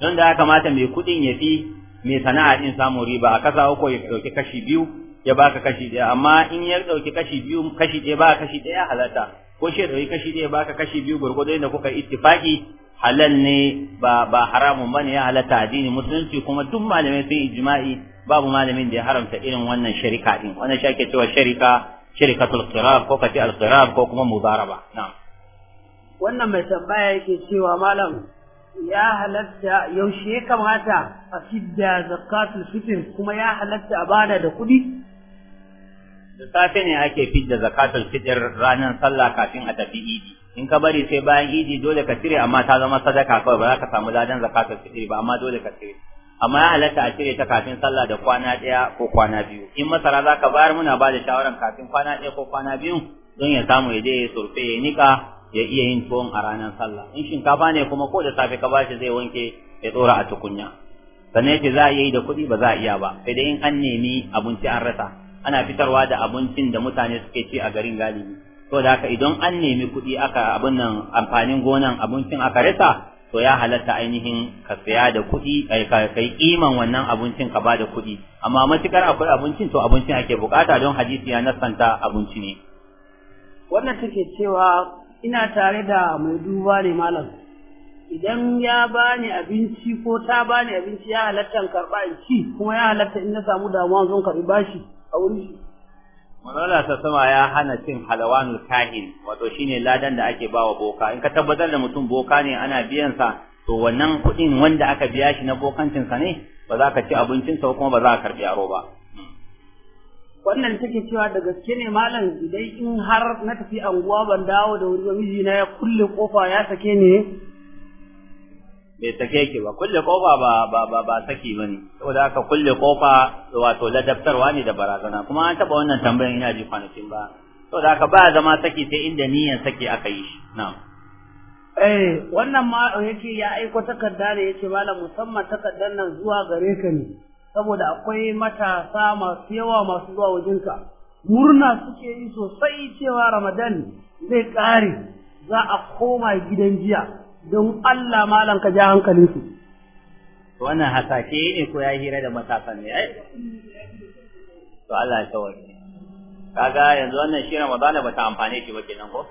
don da ya kamata mai kuɗin ya fi mai sana'a in samu riba a kasa uku ya ɗauki kashi biyu ya baka kashi ɗaya amma in ya ɗauki kashi biyu kashi ɗaya ba kashi ɗaya ya halatta ko shi ya ɗauki kashi ɗaya baka kashi biyu gurgudo da kuka ittifaki halal ne ba ba haramun bane ya halatta addini musulunci kuma duk malamai sun ijma'i babu malamin da ya haramta irin wannan sharika din wannan shi ake cewa sharika sharikatul qirar ko kace al qirar ko kuma mudaraba na'am wannan mai tambaya yake cewa malam ya halatta yaushe ya kamata a fidda zakatul fitr kuma ya halatta a bada da kuɗi da safe ne ake fidda zakatul fitr ranar sallah kafin a tafi idi in ka bari sai bayan idi dole ka cire amma ta zama sadaka kawai ba za ka samu ladan zakatul fitri ba amma dole ka cire amma ya halatta a cire ta kafin sallah da kwana ɗaya ko kwana biyu in masara za ka bayar muna ba da shawaran kafin kwana ɗaya ko kwana biyu don ya samu ya je ya surfe ya nika ya iya yin tuwon a ranar sallah in shinkafa ne kuma ko da safe ka bashi zai wanke ya tsora a tukunya sannan yace za a iya yi da kuɗi ba za a iya ba sai dai in an nemi abinci an rasa ana fitarwa da abincin da mutane suke ci a garin galibi to da haka idan an nemi kuɗi aka abin nan amfanin gonan abincin aka rasa to ya halatta ainihin ka saya da kuɗi kai kiman wannan abincin ka bada kuɗi amma matukar akwai abincin to abincin ake bukata don hadisi ya nasanta abinci ne wannan take cewa ina tare da mai duba ne malam idan ya bani abinci ko ta bani abinci ya halatta karɓa in ci kuma ya halatta in na samu damuwa zan karɓi bashi a wurin manzala ta sama ya hana cin halawanul kahin wato shine ladan da ake bawa boka in ka tabbatar da mutum boka ne ana biyan sa to wannan kuɗin wanda aka biya shi na bokancin sa ne ba za ka ci abincin sa kuma ba za ka karbi aro ba wannan take cewa da gaske ne malam idan in har na tafi anguwa ban dawo da wuri ba miji na ya kulle kofa ya sake ni bai take yake ba kulle kofa ba ba ba ba saki bane saboda haka kulle kofa wato ladabtarwa ne da barazana kuma an taba wannan tambayan ina ji kwanakin ba saboda haka ba zama saki sai inda niyan saki aka yi shi na'am eh wannan ma yake ya aiko takarda ne yace malam musamman takardar nan zuwa gare ka ne saboda akwai matasa masu yawa masu zuwa wajenka murna suke yi sosai cewa ramadan zai kare za a koma gidan jiya don Allah malam ka ja hankalin su wannan hasashe ne ko ya hira da matasan ne ai to Allah ya tawaye kaga yanzu wannan shi Ramadana bata amfane shi ba kenan ko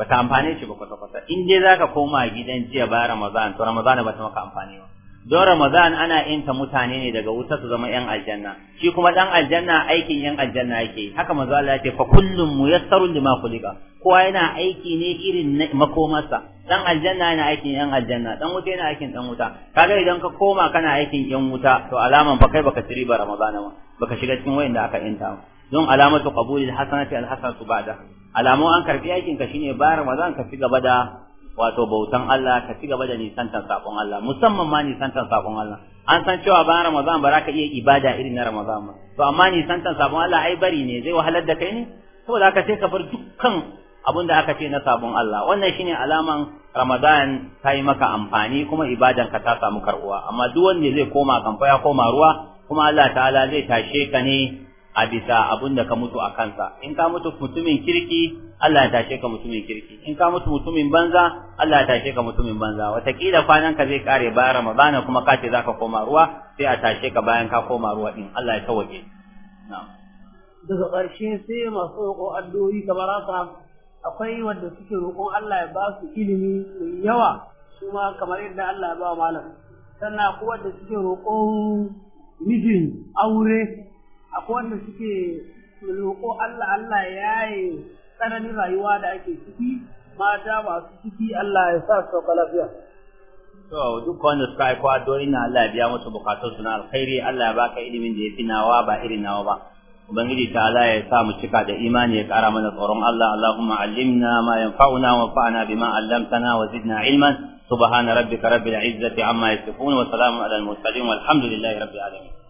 bata amfane shi ba kwata kwata in dai ka koma gidan jiya ba Ramadan to ba bata maka amfani ba don ramadan ana inta mutane ne daga wuta su zama yan aljanna shi kuma dan aljanna aikin yan aljanna yake haka manzo Allah yake fa kullum muyassarun lima khuliqa kowa yana aiki ne irin makomarsa dan aljanna yana aikin yan aljanna dan wuta yana aikin dan wuta kaga idan ka koma kana aikin yan wuta to alaman fa kai baka tiri ba ramadan ba baka shiga cikin wayanda aka inta don alamatu qabulil hasanati alhasanatu ba'da alamu an karbi aikin ka shine ba ramadan ka fi gaba da wato bautan Allah ka ci gaba da nisantar sakon Allah musamman ma nisantar sakon Allah an san cewa bayan Ramadan ba za ka iya ibada irin na Ramadan ba to amma nisantar sakon Allah ai bari ne zai wahalar da kai ne saboda haka sai ka bar dukkan abin da aka ce na sabon Allah wannan shine alaman Ramadan ta yi maka amfani kuma ibadan ka ta samu karbuwa amma duk wanda zai koma kamfa ya koma ruwa kuma Allah ta'ala zai tashe ka ne a bisa abin da ka mutu a kansa in ka mutu mutumin kirki Allah ya tashe ka mutumin kirki in ka mutu mutumin banza Allah ya tashe ka mutumin banza watakila kwanan ka zai kare bayan ramadana kuma ka ce zaka koma ruwa sai a tashe ka bayan ka koma ruwa din Allah ya tawage daga ƙarshe sai masu roƙon addu'o'i kamar barasa akwai wanda suke roƙon Allah ya ba su ilimi mai yawa su ma kamar yadda Allah ya ba malam sannan akwai wanda suke roƙon mijin aure akwai wanda suke roƙo Allah Allah ya yi tsananin rayuwa da ake ciki mata masu ciki Allah ya sa su lafiya to duk wanda suka aiko addu'o'i na Allah ya biya musu bukatun su na alkhairi Allah ya baka ilimin da ya fi nawa ba irin nawa ba ubangiji ta Allah ya sa mu cika da imani ya kara mana tsoron Allah Allahumma allimna ma yanfa'una wa fa'ana bima 'allamtana wa zidna ilman subhana rabbika rabbil izzati amma yasifun wa salamun alal mursalin walhamdulillahi rabbil alamin